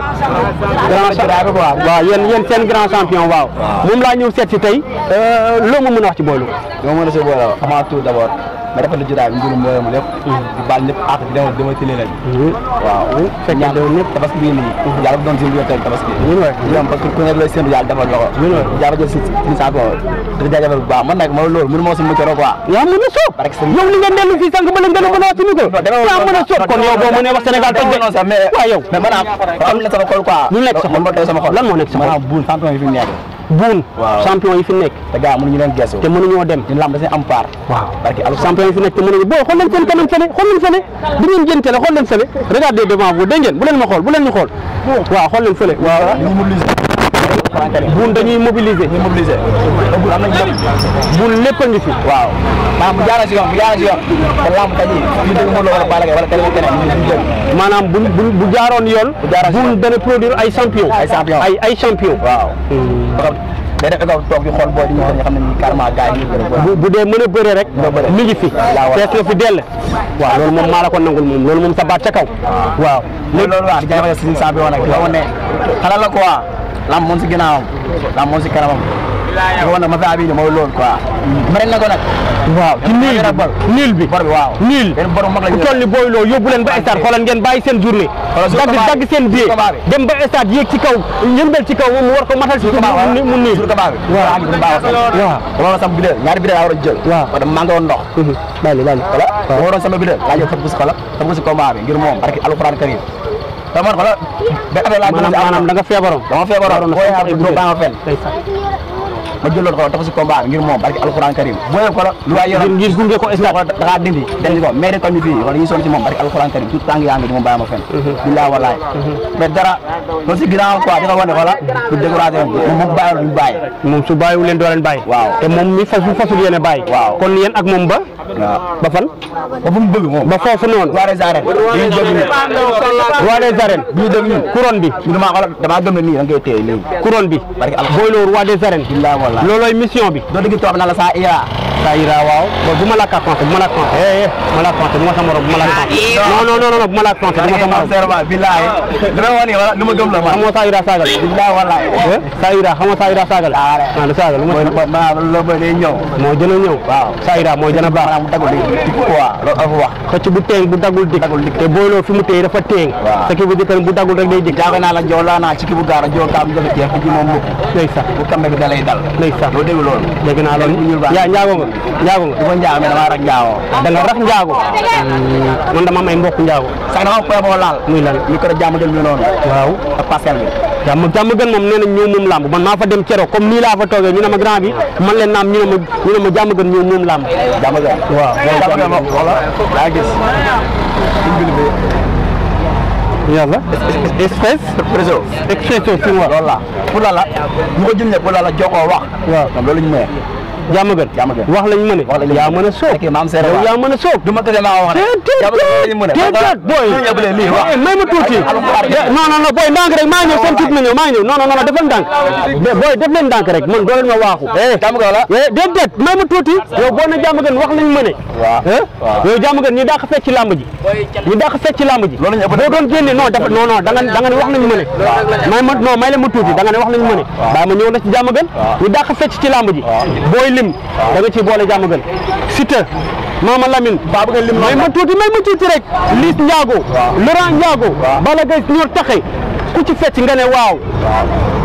grand champion waaw yéen yéen seen grand champion waaw. moom laa ñëw seet si tey euh, loo ma mën a wax ci Boy Lo. loo mën a si Boy Lo ma rafetlu jotaay bi mbirum mooy ma lépp di baal ñëpp àq bi dama dama tëlee lañ waaw ñaan ñëpp tabaski bii nii yàlla bu doon seen biir tey tabaski ñoom parce que ku ne lay séntu yàlla defal la ko yàlla jël si si saako di jaajëfal bu baax man nag ma loolu mënu ma si mucc rek quoi yaa mën a soob yow li nga dellu fii sànq ba la gën a mën a suñu ko yaa mën a soob kon yow boo mënee wax Sénégal toj de waaw yow mais maanaam xam na sama xol quoi lu nekk sama xol lan moo nekk sama xol maanaam buun fantôme yi fi mu nekk buun champion yi fi nekk te gaa mënuñu leen gesu te mënuñoo dem ñu lamb dañu am paar waaw parce que champion yi fi nekk te mënuñu boo xool leen seen kanam fële xool leen fële di ngeen jënte la xool leen fële regardez devant vous dégg bu leen ma xool bu leen ñu xool waaw xool leen fële buun dañuy mobiliser ñu mobiliser bu am nañ buun lépp a ngi fi waaw maanaam bu jaara si yoon bu jaara si yoon te lamb tey ñu dëgg mënul wala balagay wala keneen keneen maanaam bu bu jaaroon yoon buun dana produire ay champion ay champion ay ay champion waaw hmm. day def école toog di xool di nga xam ne nii carrément gars bu bu dee mën rek mi ngi fi fees na fi dell waaw loolu moom maa la ko nangul moom loolu moom sa baat ca kaw ah. waaw loolu waaw jaay ma si sa bi woon nag xala la quoi lamb moom si ginnaawam lamb moom si kanamam ko won ma fi abi mooy loolu quoi bëri na ko nag waaw ci niil bi niil bi bor bi waaw niil ku toll ni booy loo yóbbu leen ba stade xoolal ngeen bàyyi seen journée dagg dagg seen biir dem ba stade yéeg ci kaw ñëmbel ci kaw mu war ko matal ci mu niil sur kaba bi waaw ak bu baax waaw wala sama bideel ñaari bideel laa war a jël waaw parce que maa ngi woon ndox bali bali wala moo doon sama bideel laa jël fat bu si xala fat bu si combat bi ngir moom barki alxuraan karim dama man maanaam da nga feebaroon. dama feebaroon fooy xaar bu baax a fenn. ma jëloon ko dafa si combat ngir moom barki alxuraan karim booyee ko la lu waay yoroon ngir gunge ko da ngaa dindi denc ko mais rek comme ni bii wala ñu sonn si moom barki alxuraan karim tout tàng yaa ngi di moom bàyyi ma fen mhm. billaa walaay mhm. mais dara loolu si ginnaaw ko wane wala du découragé moom bàyyi duñ bàyyi moom su bàyyiwu leen doo moom mi fasu fasul yéen a kon yéen ak moom ba ba fan ba fu bëgg moom ba foofu noonu roi des arènes bi ñu dégg bi bi damaa xool damaa gëm ne allah loolooy mission bi. doo dégg tubaab na la saa ira. saa ira waaw. bon bu ma la compté bu ma la compté. eh eh bu ma la compté bu ma sa morom bu ma la compté. non non non non bu ma la compté bu ma sa morom. billahi dina ma ni wala nu ma gëm la ma. xamoo saa ira saagal. Eh, billahi wallahi. Eh, saa ira xamoo saa ira saagal. ah rek ah lu saagal lu ma. mooy ma loo mooy day ñëw. moo gën a ñëw. waaw saa ira moo gën a baax. maanaam dagul dik quoi loolu am wax. xëcc bu teeng bu dagul dik. dagul dik te booloo fi mu teey dafa teeng. waaw ce qui veut dire bu dagul rek day dik. jaaga naa la jow laa naa ci ki bu gaara jow kaam jëfe teex ji moom mukk. day sax bu kambe bi dalay dal ndeysaan boo dégg loolu dégg naa loolu yaa njaago nga njaago nga du ma njaago mais dama rax njaago da nga rax njaago mm. man dama may mbokk njaago sax dama koy boo laal muy lan mi ko jàmm del ñu noonu waaw ak parcelle bi jàmm jàmm gën moom nee nañ ñoo moom làmb man maa fa dem cero comme nii fa toogee ñu ne ma grand man leen naam ñu ne ma ñu ne moom làmb yàlla. espèce. réseau. expression pour la. loolu la pour la la ko jëndee pour la la jokkoo wax. waaw loolu ñu may. yaa ma gën wax lañ mën a yaa mën a sóob yaa mën a sóob du ma tëddee maa wax déedéet booy may ma tuuti non non non booy ndànk rek maa ñëw seen tuut na ñëw maa ñëw non non non defal ndànk booy def leen ndànk rek man doo leen ma waaxu déedéet may ma tuuti yow boo ne jàmm gën wax lañ mën a yow jàmm gën ñu dàq fecc ci làmb ji ñu dàq fecc ci ji boo doon génne non dafa non non da nga da nga wax nañ mën may ma non may leen ma tuuti da nga wax nañ mën a ma ñëw na ci jàmm gën ñu fecc ci làmb ji booy lim da nga ciy boole jàmm gën Siteu Mama Lamine ba nga lim may ma tuuti may ma tuuti rek Liss Ndiago Laurent Ndiago Balla Gaye ñoo taxe ku ci fecc nga ne waaw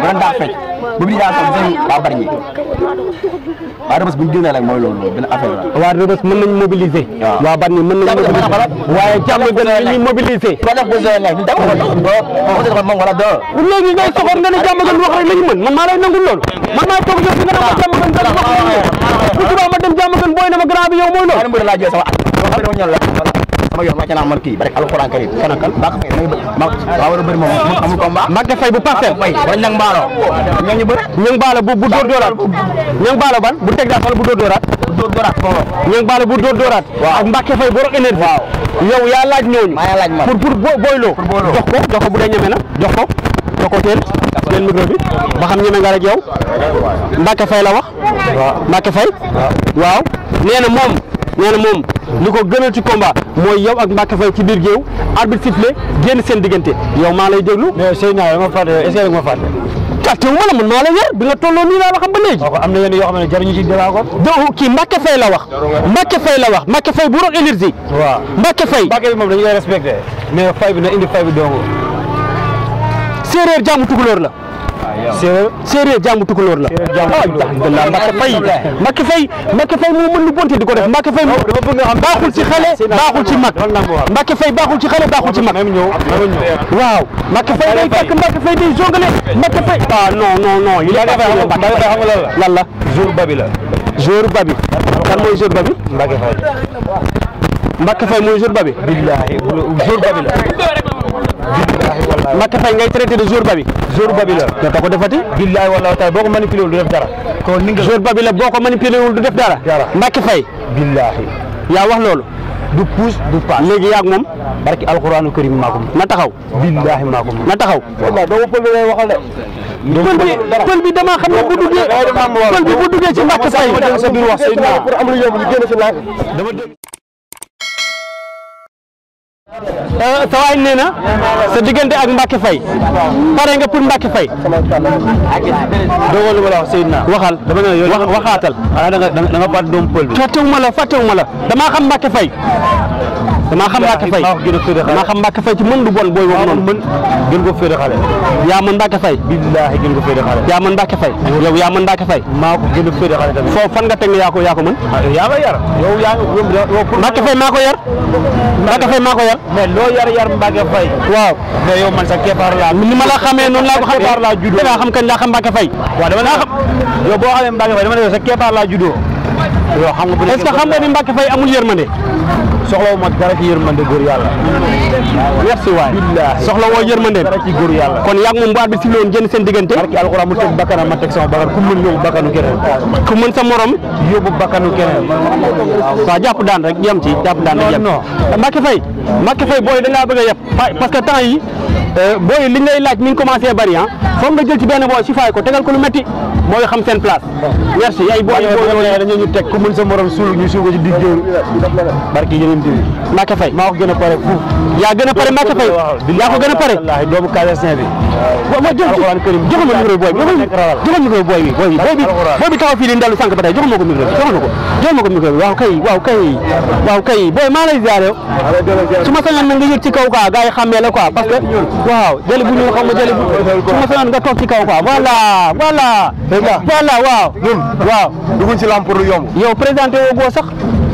mënoon daa fecc ba bi daa sax seen waa bari ñi waa Rebeuss bu ñu génnee rek mooy loolu loolu benn affaire la. waa Rebeuss mën nañ mobiliser. waaw waa bari ñi mën nañ mobiliser waaye jàmm gën a ñuy mobiliser. ba def ko sooy nekk dama ko tax boo ko defal moom wala doo. léegi ngay soxor nga ne jàmm gën wax rek lañu mën man maa lay nangul loolu man maa toog jox nga ne ma jàmm gën wax rek bu subaa ma dem jàmm gën booy na ma grand bi yow mooy loolu. sama yoon wàcc naa man kii barek alxuraan karim kan ak kan baa ko fay maa war a bëri moom amul combat Mbacké Faye bu parcelle fay wala ñang mbaalo ñang bëri ñang mbaalo bu bu dóor dóoraat ñang mbaalo ban bu teg daal wala bu dóor dóoraat dóor dóoraat ñang mbaalo bu dóor dóoraat ak Mbacké Faye bu rok énergie waaw yaa laaj ñooñu pour pour boyloo jox ko jox ko bu dee ñeme na jox ko jox ko teel teel ba xam ñeme nga rek yow Mbacké Faye la wax Mbacké Faye waaw nee moom nee na moom li ko gënal ci combat mooy yow ak Mbacké Faye ci biir géew arbitre sifflé génn seen diggante yow maa lay déglu. mais Seydina yow ma fàtte est-ce que la man maa la yor bi nga tolloo nii laa la xam ba léegi. waaw am na yenn yoo xam ne jariñu ci débat ko. donc kii Mbacké Faye la wax. Mbacké Faye la wax Mbacké Faye bu roog énergie. waaw Mbacké Faye. Mbacké bi moom dañu koy respecté mais fay bi na indi fay bi dong. séeréer jaamu tukulóor la séeréer séeréer jàngu tukulóor la alhamdulilah Mbacke Faye Mbacke Faye Mbacke Faye moo mën lu bonte di ko def Mbacke Faye baaxul ci xale baaxul ci mag Mbacke Faye baaxul ci xale baaxul ci mag waaw Mbacke Faye day takk Mbacke Faye day jongale Mbacke Faye ah non non non il a lan la jour babi la jour babi kan mooy jour babi Mbacke Faye Mbacke Faye mooy jour babi billahi jour babi la Maka Faye ngay traité de jour babi jour babi la da ta ko defati billahi wallahi taala boo ko manipulé wul du def dara kon ni nga jour babi la boo ko manipulé wul du def dara Maka Faye billahi yaa wax loolu du puus du paas léegi yaag moom barki alquranu karim maakum na taxaw billahi maakum na taxaw wallahi doo pël bi lay waxal de pël bi pël Euh, sawaay nee na sa diggante ak Mbacke Faye pare nga pour Mbacke Faye dogal lu ma la wax Seydina waxal dama ne yow waxaatal da nga da nga fàtte doomu pël bi fàttewuma la fàttewuma la damaa xam Mbacke Faye damaa xam Mbacke Faye damaa xam Mbacke Faye ci mën du bon booy woowu noonu mën gën ko féete xale yaa mën Mbacke Faye billaahi gën ko féete xale yaa mën Mbacke Faye yow yaa mën Mbacke Faye maa ko gën a féete xale tamit foofu fan nga teg ne yaa ko yaa ko mën yaa ma yar yow yaa Mbacke Faye maa ko yar Mbacke Faye maa ko yar mais loo yar yar Mbacke Faye waaw mais yow man sa keppaar laa ni ma la xamee noonu laa ko xam keppaar laa juddoo dangaa xam kañ laa xam Mbacke Faye waaw dama laa xam yow boo xamee Mbacke Faye dama ne sa keppaar laa juddoo yow xam nga est-ce que xam nga ni Mbacke Faye amul yërmande soxlawu ma dara ci yërmande góor yàlla wax si waay soxla woo yàlla kon yaag moom bu arbitre bi sifflé woon seen diggante barki alxuraan mu teg bakkana ma teg sama bakkan ku mën yóbbu bakkanu keneen ku mën sa morom yóbbu bakkanu keneen da ngaa bëgg a yëpp parce que temps yi euh, booy li ngay laaj ah. si faay ko seen place. merci ay Ndiri Mbacké Faye maa ko gën a pare fuuf yaa gën a pare Mbacké Faye yaa ko gën a pare wallaahi doomu Casasin bi ma joxal ma numéro booy bi joxal numéro booy bi booy bi booy bi booy bi taxaw fii li ndalu sànq ba tey joxal ma ko numéro bi joxal ma ko joxal ma ko numéro bi waaw kay waaw kay waaw kay booy maa lay su ma sañoon na nga yëg ci kaw quoi gars yi xàmmee la quoi parce bu ñuul xaw ma jëli bu su ma sañoon nga toog ci kaw quoi voilà voilà voilà waaw waaw duguñ ci lamp yow présenté woo goo sax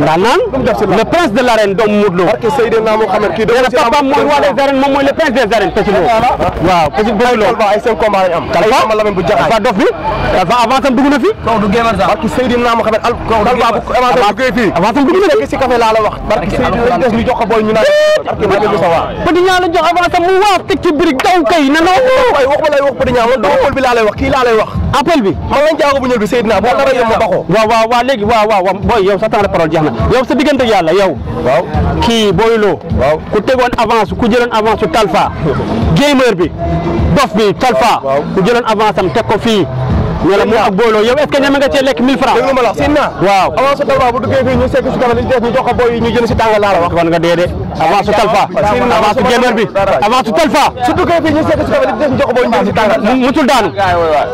ndaanaan le prince de l'arène doomu Modou Lo. parce que Seydina Mohamed kii doomu si la am mooy roi des arènes moom mooy le prince des arènes. Petit Lo waaw Petit Boy Lo. ay seen combat lañ am. Kalfa dof bi Kalfa avance am dugg na fi. kaw du gémar daal parce que Seydina Mohamed al. kaw du gémar avance avance am dugg na fi si café laa la wax. parce que Seydina lañ des ñu jox ko booy ñu naan. parce que Maguette Moussa waaw. Petit Niang la jox avance am mu waaw teg ci birig daw kay na noo. waaye waxuma lay wax Petit Niang man doomu Paul bi laa lay wax kii laa lay wax. appel bi. man lañ jaago bu ñuul bi Seydina boo dara yem ma baxoo. waaw waaw waaw léegi waaw waaw booy yow sa temps de parole jeex na yow sa diggante ak yàlla yow. waaw kii Boy Lo. waaw ku tegoon avance ku jëloon avance su Talfa. <laughs> gamer bi dof bi Talfa. ku jëloon avance am teg ko fii. loolu moo ak booloo yow est-ce que ñeme nga cee lekk 1000 francs déglu ma la si na waaw avance su talfa bu duggee fii ñu sekk si tama li def ñu jox ko boy yi ñu jël si tàngal laa la wax kon nga dee de avance su talfa avance su gémer bi avance su talfa su duggee fii ñu sekk si tama li def ñu jox ko boy ñu jël si tàngal musul daanu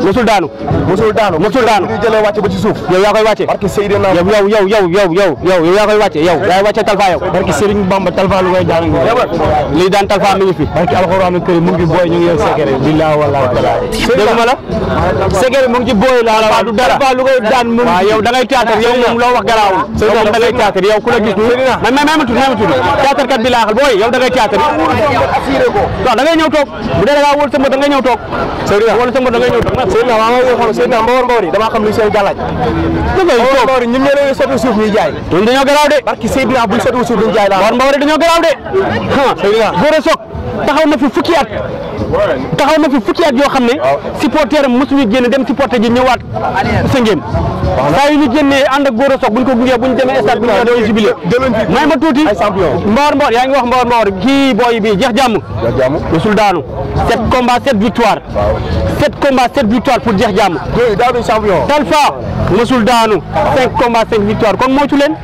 musul daanu musul daanu musul daanu ñu jëlee wàcce ba ci suuf yow yaa koy wàcce barki Seydina yow yow yow yow yow yow yow yow yaa koy wàcce yow yaa wàcce talfa yow barki Serigne Bamba talfa lu ngay daan lii daan talfa mi ngi fi barki alxuraan kër mu ngi boy ñu ngi sekere billahi wallahi déglu ma la sekere man ci booy laa la wax du dara lu koy daan mën waaw yow da ngay théâtre yow moom loo wax garaawul yow moom da ngay théâtre yow ku la gis man ma ma tudd ma tudd théâtre kat bi laa xal booy yow da ngay théâtre waaw da ngay ñëw toog bu dee da ngaa wóor sa mbët da ngay ñëw toog Seydina wóor sa mbët da ngay ñëw toog Seydina waaw waaw xam Seydina Mbawar Mbawar yi dama xam lu seen galaaj da ngay toog Mbawar ñun ñoo lay sotti suuf ñuy jaay ñun dañoo garaaw de barki Seydina buñ sotti suuf ñuy jaay la Mbawar Mbawar dañoo garaaw de ha Seydina góor a sok taxaw na fi fukki at taxaw na fi fukki at yoo xam ne supporter am mosuñu génn dem supporter ji ñëwaat sëngéem saa yu ñu génnee ànd ak góor a soog buñ ko gungee buñ demee stade bi ñëw dañuy jubilé may ma tuuti mboor mboor yaa ngi wax mboor mboor kii booy bii jeex jàmm mosul daanu sept combat sept victoire sept combat sept victoire pour jeex jàmm talfa mosul daanu cinq combat cinq victoire kon moocu leen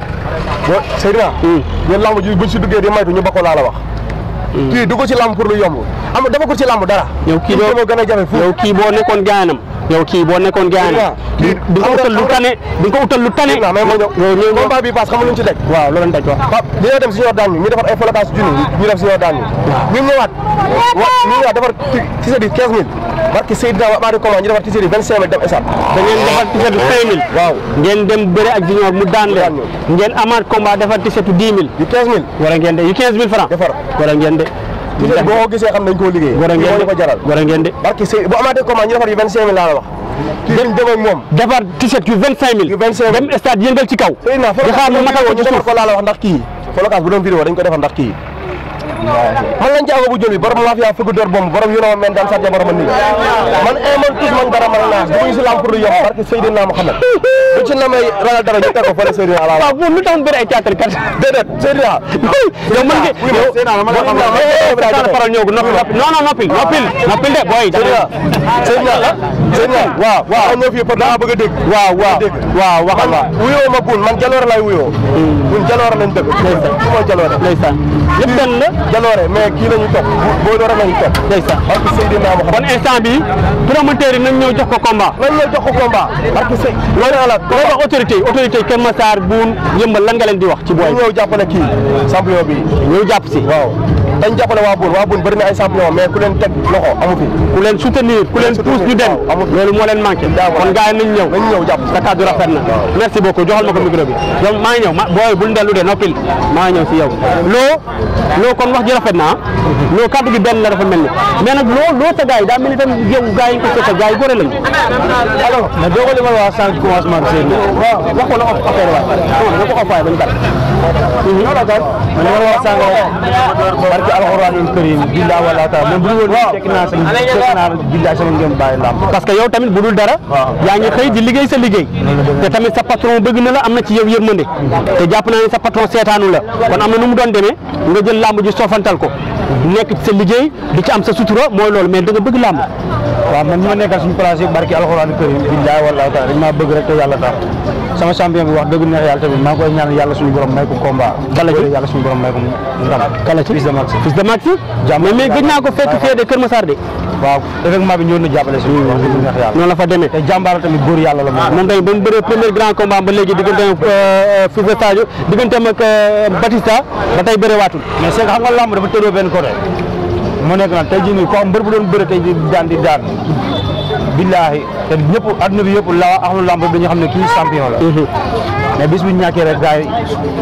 Seydina hmm. yéen lamb ji buñ si duggee di maytu ñu bakko laa la wax kii du ko ci làmb pour lu yomb am dafa ko ci làmb dara. yow kii doo gën a jafe yow kii boo nekkoon gaayanam yow kii boo nekkoon gars yi di ko utal lu tane di nga ko utal lu tane. combat bi paas xam luñ ci teg. waaw loolu waaw. Pape dina dem da ngeen defar ticket yi 5000. waaw ngeen mu daan leen. ngeen defar ticket yi 10000. yu 15000. ngeen de yu 15000 francs. defar wala ngeen de. boo ko gisee xam nañ koo liggéey gore ngeen ko jaral gore de barki ñu defar yu vingt cinq mille laa la wax dem dem ak moom defar t-shirt yu vingt cinq mille dem stade yëngal ci kaw ñu mu matal ko ci suuf ko laa wax ndax kii folokaas bu doon vidéo dañ ko defar ndax kii man lañ bu joli borom laafiya fugu dor bom borom yu men dan satya borom ni man e man tous man dara man nas bu ci lam pour yo barke sayyidina muhammad bu ci lamay ragal dara ñu tekko fele sayyidina ala wa bu lu tax bëre ay théâtre kat dedet sayyidina yow man ngi yow sayyidina man la xam dara faral ñogu nopi non non nopi nopi nopi de boy sayyidina sayyidina sayyidina wa wa ñoo fi pour da bëgg deg wa wa wa waxal wa wuyo ma bun man jaloor lay wuyo hmm. bun jaloor lañ dëgg ndeysaan mo jaloor ndeysaan yëpp ben la jaloore mais kii la ñu topp boo doore la ñu topp ndeysaan barke Seydina Muhammad kon instant bi promoteur yi nañ ñëw jox ko combat nañ ñëw jox ko combat barke Sey loolu la loo wax autorité yi autorité yi Kër Massar Boune Yeumbeul lan nga leen di wax ci booy ñëw jàppale kii champion bi ñëw jàpp si waaw dañ jàppale waa Boune waa Boune bëri na ay champion mais ku leen teg loxo amu fi ku leen soutenir ku leen pousse ñu dem loolu moo leen manqué kon gars yi ñëw nañ ñëw jàpp sa kàddu rafet na merci beaucoup joxal ma ko micro bi donc maa ngi ñëw ma booy bul dellu de noppil maa ñëw si yow loo loo kon wax ji rafet na ah. loo kàddu gi benn la dafa mel ni mais nag loo loo sa gars daa mel ni tam yow gars yi ko sa gars yi góore na dogal li ma wax sànq commencement ko na affaire waay na ko affaire bañ kat wala daal parce que yow tamit bu dul dara yaa ngi xëy di liggéey sa liggéey te tamit sa patron bëgg na la am na ci yow yërmande te jàpp naa ne sa patron seetaanu la kon am na nu mu doon demee nga jël làmb ji soofantal ko nekk ci sa liggéey di ci am sa sutura mooy loolu mais da bëgg làmb waaw man ma nekkal suñu place yi barki alxuraanul karim billaa wala taala dañ maa bëgg rek te yàlla tax sama champion bi wax dëgg neex yàlla tamit maa ngi koy ñaan suñu borom may ko combat. kala ci yàlla suñu borom may ko ndam kala ci fils de Max fils de Max mais mais gëj ko fekk fee de Kër Massar de waaw événement bi ñëw na jàppale ba mu bëree grand combat ba léegi digganteem euh, euh, euh, Batista ba tey bëree waatul mais c'est xam nga lamb dafa tëddoo benn côté mu nekk nag tey jii nii ko am mbër bu doon bëri tey daan di daan billahi te ñëpp aduna bi yëpp law axlu lamb bi ñu xam ki champion la mais bis bu ñaké rek gaay yi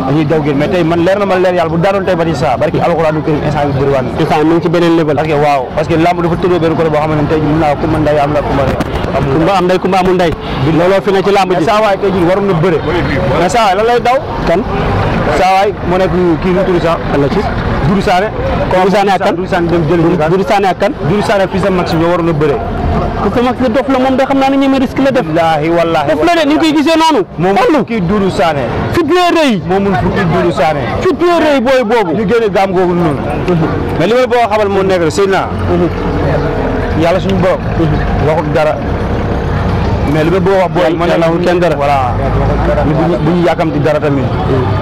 dañuy daw gén mais tay man leer na ma lér yalla bu daanoon tey Batista barki alcorane kër instant bi bëriwaat na instant ñu ci benen level ak waaw parce que lamb dafa tëddoo benn côté boo xamante ne tey ji mën naa kumba nday am la kumba ba am day nday ba amul nday lolo fi na ci lamb ji sa way tay ji waru na bëre na sa waay lan lay daw kan sa way mo nek ki ñu tuddu sa Allah ci duru Doudou Sané Doudou Sané ak kan Doudou Sané dem jël duru Sané ak kan Doudou Sané fi sa max ñu waru na bëre ku sama ki dof la moom da xam naa ne ñeme risque la def wallaahi la de ni koy gisee noonu moom fukki duuru saane fit la rëy moomul fukki duuru saane fit la rëy booy boobu ñu génne gaam googu noonu mais li may boo xamal moo nekk sëñ naa yàlla suñu borom waxut dara mais li ma bëgg wax booy ma ne la kenn dara voilà bu ñu yàkkamti dara tamit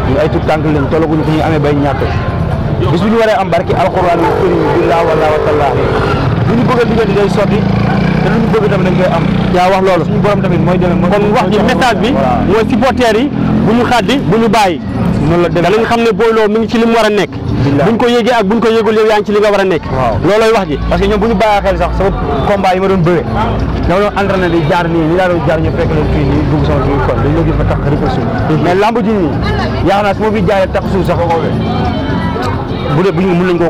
ñu ay tut tànk lañ tolaguñu fu ñuy amee bay ñàkk bis waree am barki alxuraan yi sëriñ bi laa wala wa taala bu ñu bëgg a diggante day sotti te lu ñu bëgg tamit dañ koy am. yaa wax loolu mooy demee kon wax ji message bi mooy supporters yi bu ñu xaddi bu ñu bàyyi. noonu la xam ne Boy Lo mi ngi ci li mu war a nekk. buñ ko yëgee ak buñ ko yëgul yow yaa ngi ci li nga war a nekk. waaw loolooy wax ji. parce que ñoom bu ñu bàyyi xel sax sama combat yi ma doon bëree. dama doon entraîné di jaar nii li daa doon jaar ñu fekk leen fii nii dugg sama biir kon dañu la gis ma tax rek suuf. mais lamb ji ko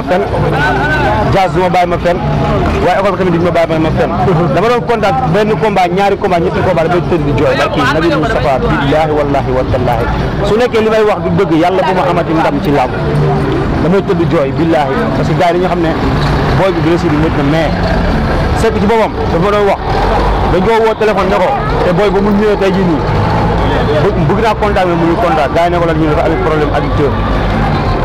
ma fen jazz du ma bàyyi ma fen waaye école tamit du ma bàyyi ma fen dama doon kontaan benn combat ñaari combat ñetti combat damay tëdd di jooy barki billaahi su nekkee li may wax du dëgg yàlla bu ma amati ndam ci làmb damay tëdd jooy billaahi parce que gars yi ñu xam ne booy bi blessé bi mét na mais seet ci boppam dafa ma doon wax dañ koo woo téléphone ne ko te booy ba mu ñëwee tey jii nii bëgg naa kontaan mais mënul kontaan gars yi ne ko la ñu dafa amee problème addicteur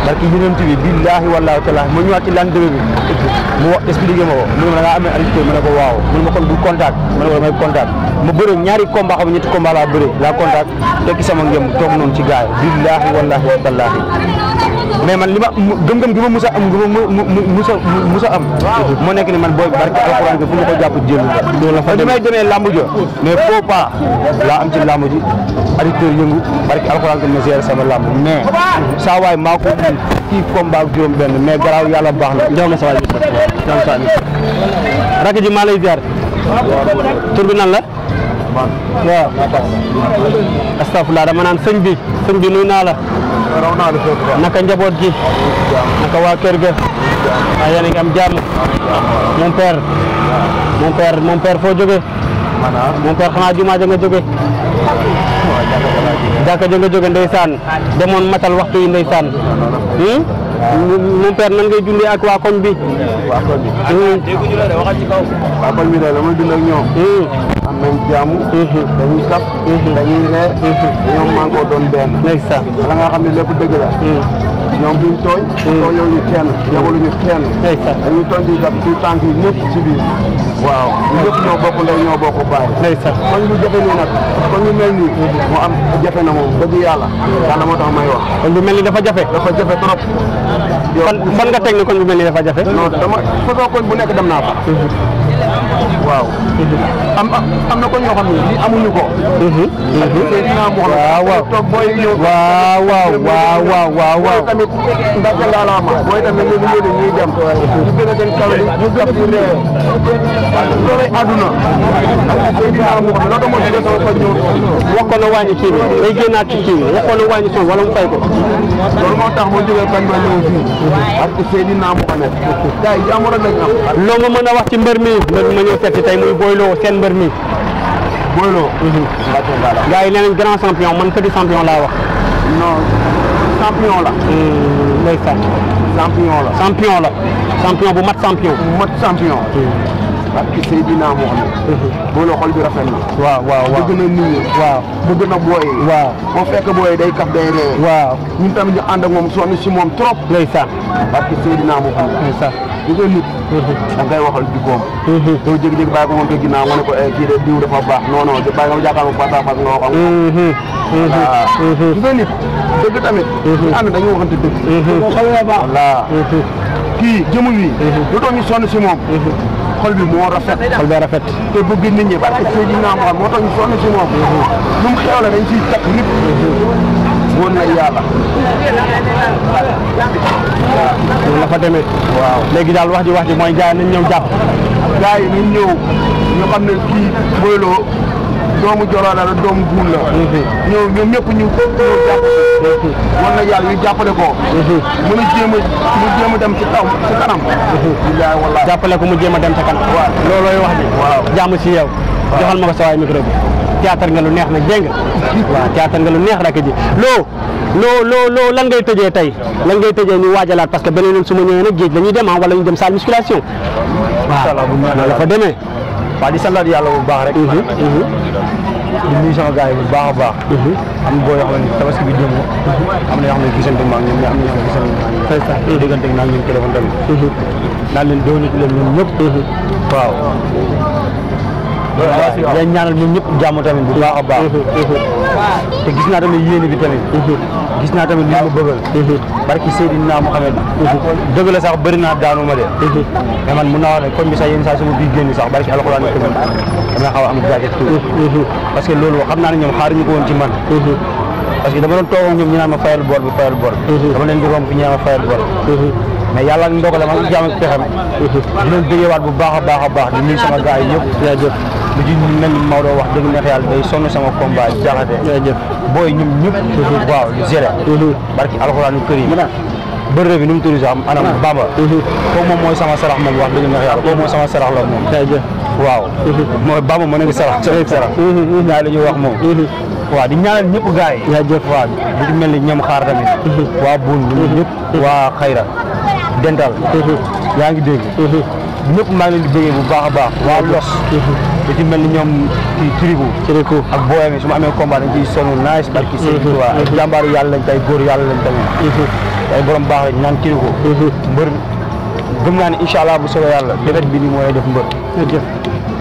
barki yonent bi billahi wallahu taala mo ñëwaat ci lan dëgg mu wax expliquer mako mu nga amé arrêté ma ne ko waaw mu ma kon bu contact ma ne ko damay contact mu bëre ñaari combat xam ñetti combat la bëre la contact tek sama ngëm tok non ci gaay billahi wallahu taala mais man lima gëm gëm gi ma musa am gëm musa musa am mo nek ni man boy barki alcorane ko fuñu ko japp jël do la fa may démé lambu jo mais faut pas la am ci lambu ji arrêté yeungu barki alcorane ko ma sama lambu mais sa way mako nañ kii combat juróom benn mais garaaw yàlla baax na jox ma sa waay bi rakk ji maa lay ziar tur bi nan la waaw naan sëñ bi sëñ bi nuyu la naka njaboot gi naka waa kër ga waaw yéen a ngi am jàmm mon maanaam moom koor xanaa jumaa ja nga jóge jàkka day saan jóge ndeysaan ah. demoon matal waxtu yi ndeysaan ah, hmm? ah. mon père nan ngay ak waa koñ bi waa koñ bi hmm. dégguñu la de waxal ci kaw waa koñ bi hmm. la nga xam ne lépp dëgg ñoom duñ tooñ mm. tooñoo ñu kenn mm. yabaluñu kenn dañuy tooñ di def suñu tànk yi ñëpp ci biir waaw ñëpp ñoo bokk ndey ñoo bokk baay kon lu jafe nii nag kon lu mel nii mu am jafe na moom dëgg yàlla yàlla moo tax may wax kon lu mel ni dafa jafe dafa jafe trop kon ban nga teg ni kon lu mel ni dafa jafe non dama façon koñ bu nekk dam naa fa mm-hmm. waaw. am am na ko ñoo xam ne lii amuñu ko. Mhm. ak seen dinaa mu xam. waaw waaw toog booy ñëw. waaw waaw waaw waaw waaw waaw. booy tamit ndaje laa la amaat. booy tamit léegi léegi ñuy dem. ñu gën a gën kawe ñu gën a gën a. loolay àdduna. seen dinaa mu xam loolu moo ci des sama ñëw. wax ko na wàññi kii bi day génnaat ci kii bi wax ko na wàññi kii bi wala mu fay ko. loolu moo tax ma jógee fan ma ñëw fii. ak seen dinaa mu xam ne. gars yi jàmm rek lañ am. loo ma mën a wax ci mbër mi mbër ma ñëw ñu seet si tey muy Boylo seen mbër mi. Boylo. Mhm. gars yi nee nañ grand champion man petit champion laa wax. non champion la. Mhm, ndeysaan. champion la champion la. champion bu mat champion. bu mat champion. parce mhm. que Seydina Mohamed. Boylo xol bi rafet na. waaw waaw waaw bëgg na nit ñi. waaw bëgg na booy. waaw boo fekk booy day kaf day ree. waaw ñun tamit ñu ànd moom sonn si moom trop. ndeysaan. parce que Seydina Mohamed. ndeysaan. gis nga nit mhm. da ngay waxal jikkoom mhm. doo jékki-jékki bàyyi ko moom te ginnaaw nga ne ko eh, kii de diw dafa baax non non bàyyi nga jàkkaarloo face à face nga wax ak moom mhm. gis nga nit dëgg tamit ñu ànd dañu waxante dëgg xaw baax la kii jëmu wi lu tax ñu sonn si moom xol bi moo rafet xol bi rafet te bëgg nit ñi barke Seydina Muhammad moo tax ñu sonn si moom lu mu xew la dañ ciy takk nit woon na yàlla. waaw léegi daal wax ji wax ji mooy gars nañ ñëw jàpp. gars yi nañ ñëw ñu xam ne kii Boylo doomu Joola la doomu Buun la. Mhm. ñëw ñoom ñëpp ñu ñëw jàpp. Mhm. woon na yàlla ñu jàppale ko. Mhm. mën mu jéem a dem ci taw ci kanam. jàppale ko mu jéem a dem ci kanam. loolooy wax ji. jàmm ci yow. joxal ma ko sa waay micro bi. théâtre nga lu neex na jeng wa théâtre nga lu neex rek di lo lo lo lo lan ngay tëjee tay lan ngay tëjee ñu wajalat parce que benen yoon su ma ñëwee nag dañuy dem ah, wala ñu dem salle musculation wa na la fa démé waaw di santaat yalla bu baax rek mhm, mhm. di ñu sama gaay bu baax baax mhm. am boy yoo xam ne tabaski bi jëm am na yoo xam gisal gisante maa ñu am ñu gisal fay sax ñu maa ngi diggante téléphone dal dal leen doon leen ñëpp waaw waaw leen ñaanal ñoom ñëpp jàmm tamit bu baax a baax. te gis naa tamit yéene bi tamit. gis naa tamit li mu bëggal. barki Seydina Mohamed. dëgg la sax bëri naa de. mais man mun naa wax ne comme bi sax yéen saa su ma bii génn sax barki alxuraan tamit damay xaw a am jaage tuuti. parce loolu xam naa ne ñoom xaaruñu ko woon ci man. parce que dama doon toog ak ñoom ñu naan ma fayal bor bi fayal bor. dama leen di romb ñu naan ma fayal bor. mais yàlla ak ndogalam ak jaam ak pexem dinañ bëggeewaat bu baax a baax a baax di nuyu sama gars yi yëpp jaajëf lu ci wax dëgg neex yàlla day sonn sama combat jaxate jaajëf booy ñum ñëpp waaw lu géré barki alxuraanu kërim mu tudd sax anam bamba kooku moom mooy sama sarax moom wax dëgg neex yàlla kooku moo sama sarax la moom waaw mooy bamba mën na ngi sarax sarax ñaa la ñuy wax moom waaw di ñaanal ñëpp gars yi jaajëf waaw bu mel ni ñoom xaar tamit waa buun ñëpp waa xayra dental yaa ngi dégg ñëpp maa ngi leen bu baax a baax waa los da ci mel ni ñoom ci tribu tribu ak booyami su ma amee combat dañ ciy sonn nice barki sëriñ ay jàmbaar yàlla lañ tey góor yàlla lañ tamit ay borom baax lañ naan tribu mbër gëm naa ne incha allah bu soobee yàlla defet bi ni mooy def mbër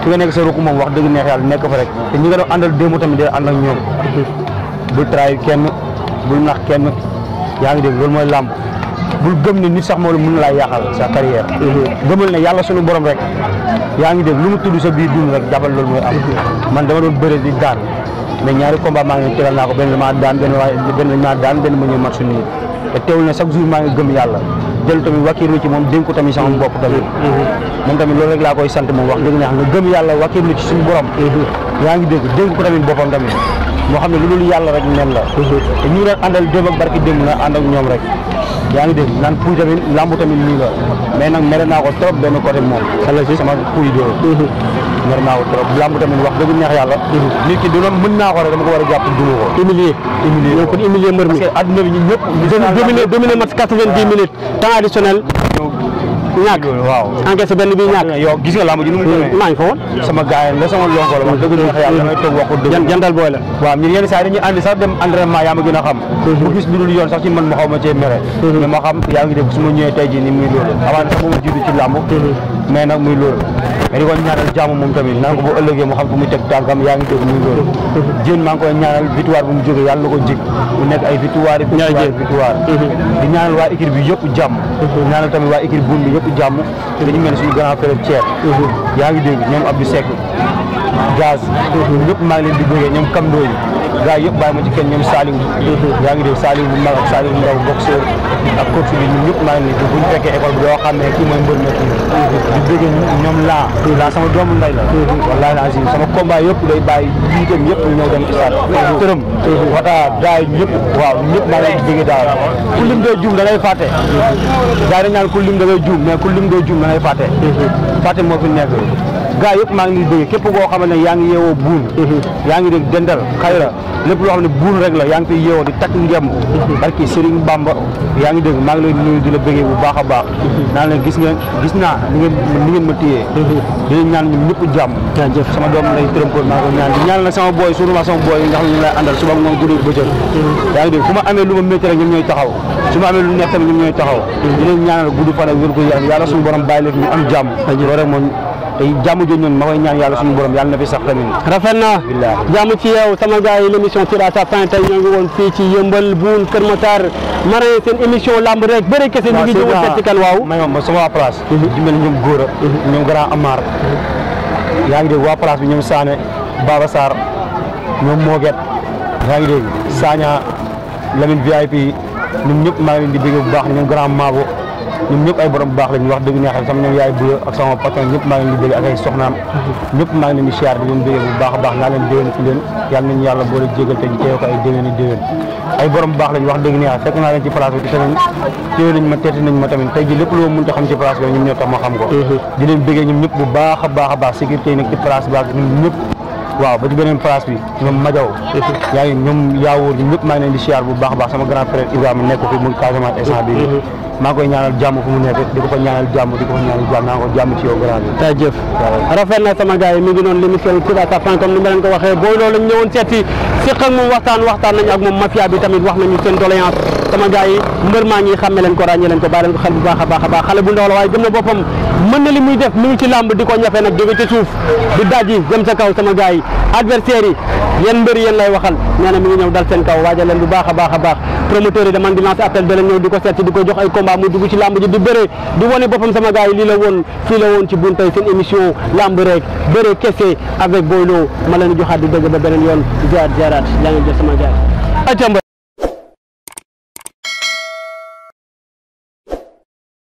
ki nga nekk sa rukk moom wax dëgg neex yàlla nekk fa rek te ñi nga doon àndal démb tamit day ànd ak ñoom bul trahi kenn bul nax kenn yaa ngi dégg loolu mooy làmb bul gëm ne nit sax moo la mën laa yàqal sa carrière gëmal ne yàlla sunu borom yaa ngi dégg lu mu tudd sa biir dund rek jàppal loolu mooy am di daan ñaari combat maa ngi tëral naa ko benn la maa maa daan benn ma ñëw mat suñu te teewul ne chaque jour maa ngi gëm yàlla jël tamit wakkiirlu ci moom dénk ko tamit sama tamit moom laa koy sant moom wax dëgg neex nga gëm yàlla wakkiirlu ci suñu borom yaa ngi dégg dénk ko tamit boppam tamit moo xam ne lu dul yàlla rek nen la te ñu doon àndal démb ak barki démb na ànd ak ñoom rek yaa ngi dégg naan puy tamit lamb tamit lii la mais nag mere ko trop benn côté moom xale si sama puy doo mhm. mere ko trop lamb tamit wax dëgg neex yàlla mhm. nit ki du mën naa ko dama ko war a jàpp duma ko humilier humilier yow kon humilier mbër mi parce bi ñu ñëpp dominer dominer quatre-vingt-dix minutes temps additionnel ñàkk waaw encaissé benn bi ñàkk yow gis nga lamb ji nu mu demee maa ngi fa woon sama gaay la sama lonko la wax dëgg neex yàlla damay toog wax jantal booy la waaw ñun yenn sax dem entraînement yaa ma gën a xam bu mhm. gis lu yoon sax ci man ma xaw ma cee mere mhm. mais ma xam yaa ngi def su ma ñëwee tey ji ni muy loolu avant sax mu ma jiitu ci lamb mhm. mais nag muy loolu mais di ko ñaanal jàmm moom tamit naan ko bu ëllëgee mu xam fu mu teg tànkam yaa ngi dégg muy góor jën maa ngi koy ñaanal victoire bu mu jógee yàlla na ko jig mu nekk ay victoire yi victoire mhm. di ñaanal waa équipe bi yëpp jàmm mhm. ñaanal tamit waa équipe buun bi yëpp jàmm dañu mel suñu grand frère Thier mhm. yaa ngi dégg ñoom Abdou Seck gaz yëpp maa ngi leen di bëggee ñoom kam dooyi gars yëpp bàyyi ma ci kenn ñoom Saliou yaa ngi dégg Saliou bu mag ak Saliou bu ak coach bi ñun ñëpp maa ngi leen ñu fekkee école bi doo xam ne kii mooy mbër na kii di bëgg ñoom laa laa sama doomu ndey la wallaahi naa si sama combat yëpp day bàyyi jiitam yëpp ñu ñëw dem stade tërëm wata daay ñëpp waaw ñëpp maa ngi leen di bëgg daal ku lim dee juum da ngay fàtte daay dañ ku lim da ngay juum mais ku lim dee juum da fàtte fàtte moo fi nekk gaa yëpp maa ngi leen kep go koo xamante ne ngi yeewoo buun yaa ngi dégg dendal xayra lepp lo xam ne buun rek la yaa ngi koy di tak ngem barki Serigne Bamba yaa ngi dégg maa ngi lay nuyu dila beugé bu baax baax naan la gis nga gis na ni ngeen ni ngeen ma tiyé di ñaan ñun ñëpp jàmm jaajëf sama doom lay ko ma ko ñaan di ñaan la sama boy suñu ma sama boy nga xamne ne ñu lay àndal suba ngoon guddi bëccëg yaa ngi dégg fu ma amee lu rek ñu ñoy taxaw suma amé lu nekk tamit ñoom ñooy taxaw dinañ ñaanal gudd fa rek wër ko yaram yàlla suñu borom bàyyi leen ñu am jàmm loolu rek mo te jàmm jooju noonu ma koy ñaan yàlla suñu borom yàlla na fi sax tamit rafet na jàmm ci yow sama gars yi l' émission tira sa fin tey ñoo ngi woon fii ci yëmbal buun Kër Matar marin seen émission lamb rek bëri kese ñu ngi ñëwoon waaw ma mhm. ñoom sama place mel ñoom góor a ñoom grand amar yaa ngi dégg waa place bi ñoom Sané Baba Sarr ñoom Moget yaa ngi dégg Sagna Lamine VIP ñoom maa ngi di bëgg baax ñoom grand Mabo ñoom ñëpp ay borom baax lañ wax dëgg neexal sama ñoom yaay bu ak sama patron ñëpp maa ngi leen di bëgg ak ay soxnaam ñëpp maa ngi leen di siyaar di leen bëgg bu baax a baax naa leen déwén ci leen yàlla nañu yàlla boole jégal te ñu ay déwéni déwén ay borom baax lañ wax dëgg neexal fekk naa leen ci place bi tamit téew nañ ma teeti nañ ma tamit tey ji lépp loo mën ta xam ci place bi ñoom ñoo tax ma xam ko uh-huh. di leen bëggee ñoom ñëpp bu baax a baax a baax sécurité yi ci place bi ak ñoom waaw ba ci beneen place bi ñoom majaw uh-huh. yaa ngi ñoom yaawóor ñëpp maa ngi di siyaar bu baax baax sama grand frère Ibrahima nekk fi mu Casamance instant bi maa koy ñaanal jàmm fu mu nekk di ko fa ñaanal jàmm di ko fa ñaanal jàmm naa ko jàmm ci yow grand bi jëf rafet na sama gars yi mi ngi noonu l'émission Touba ça prend comme ni ma leen ko waxee booy loolu lañ ñëwoon seeti ak moom waxtaan waxtaan nañ ak moom mafia bi tamit wax nañu seen doléance sama gars yi mbër maa ngi xàmme leen ko ràññee leen ko bàyyi leen ko xel bu baax a baax a baax xale bu ndaw la gëm na na li muy def mi ngi ci ci suuf di sa kaw sama adversaire yi lay waxal nee mi ngi ñëw dal seen kaw waajal leen bu baax a baax promoteur yi dama di lancer appel jox ay combat combat mu dugg ci lamb ji di bëre di wane boppam sama gars yi lii la woon fii la woon ci buntay seen émission lamb rek bëre kese avec Boy Lo joxaat di dëgg ba beneen yoon jaar jaaraat yaa ngi jël sama gars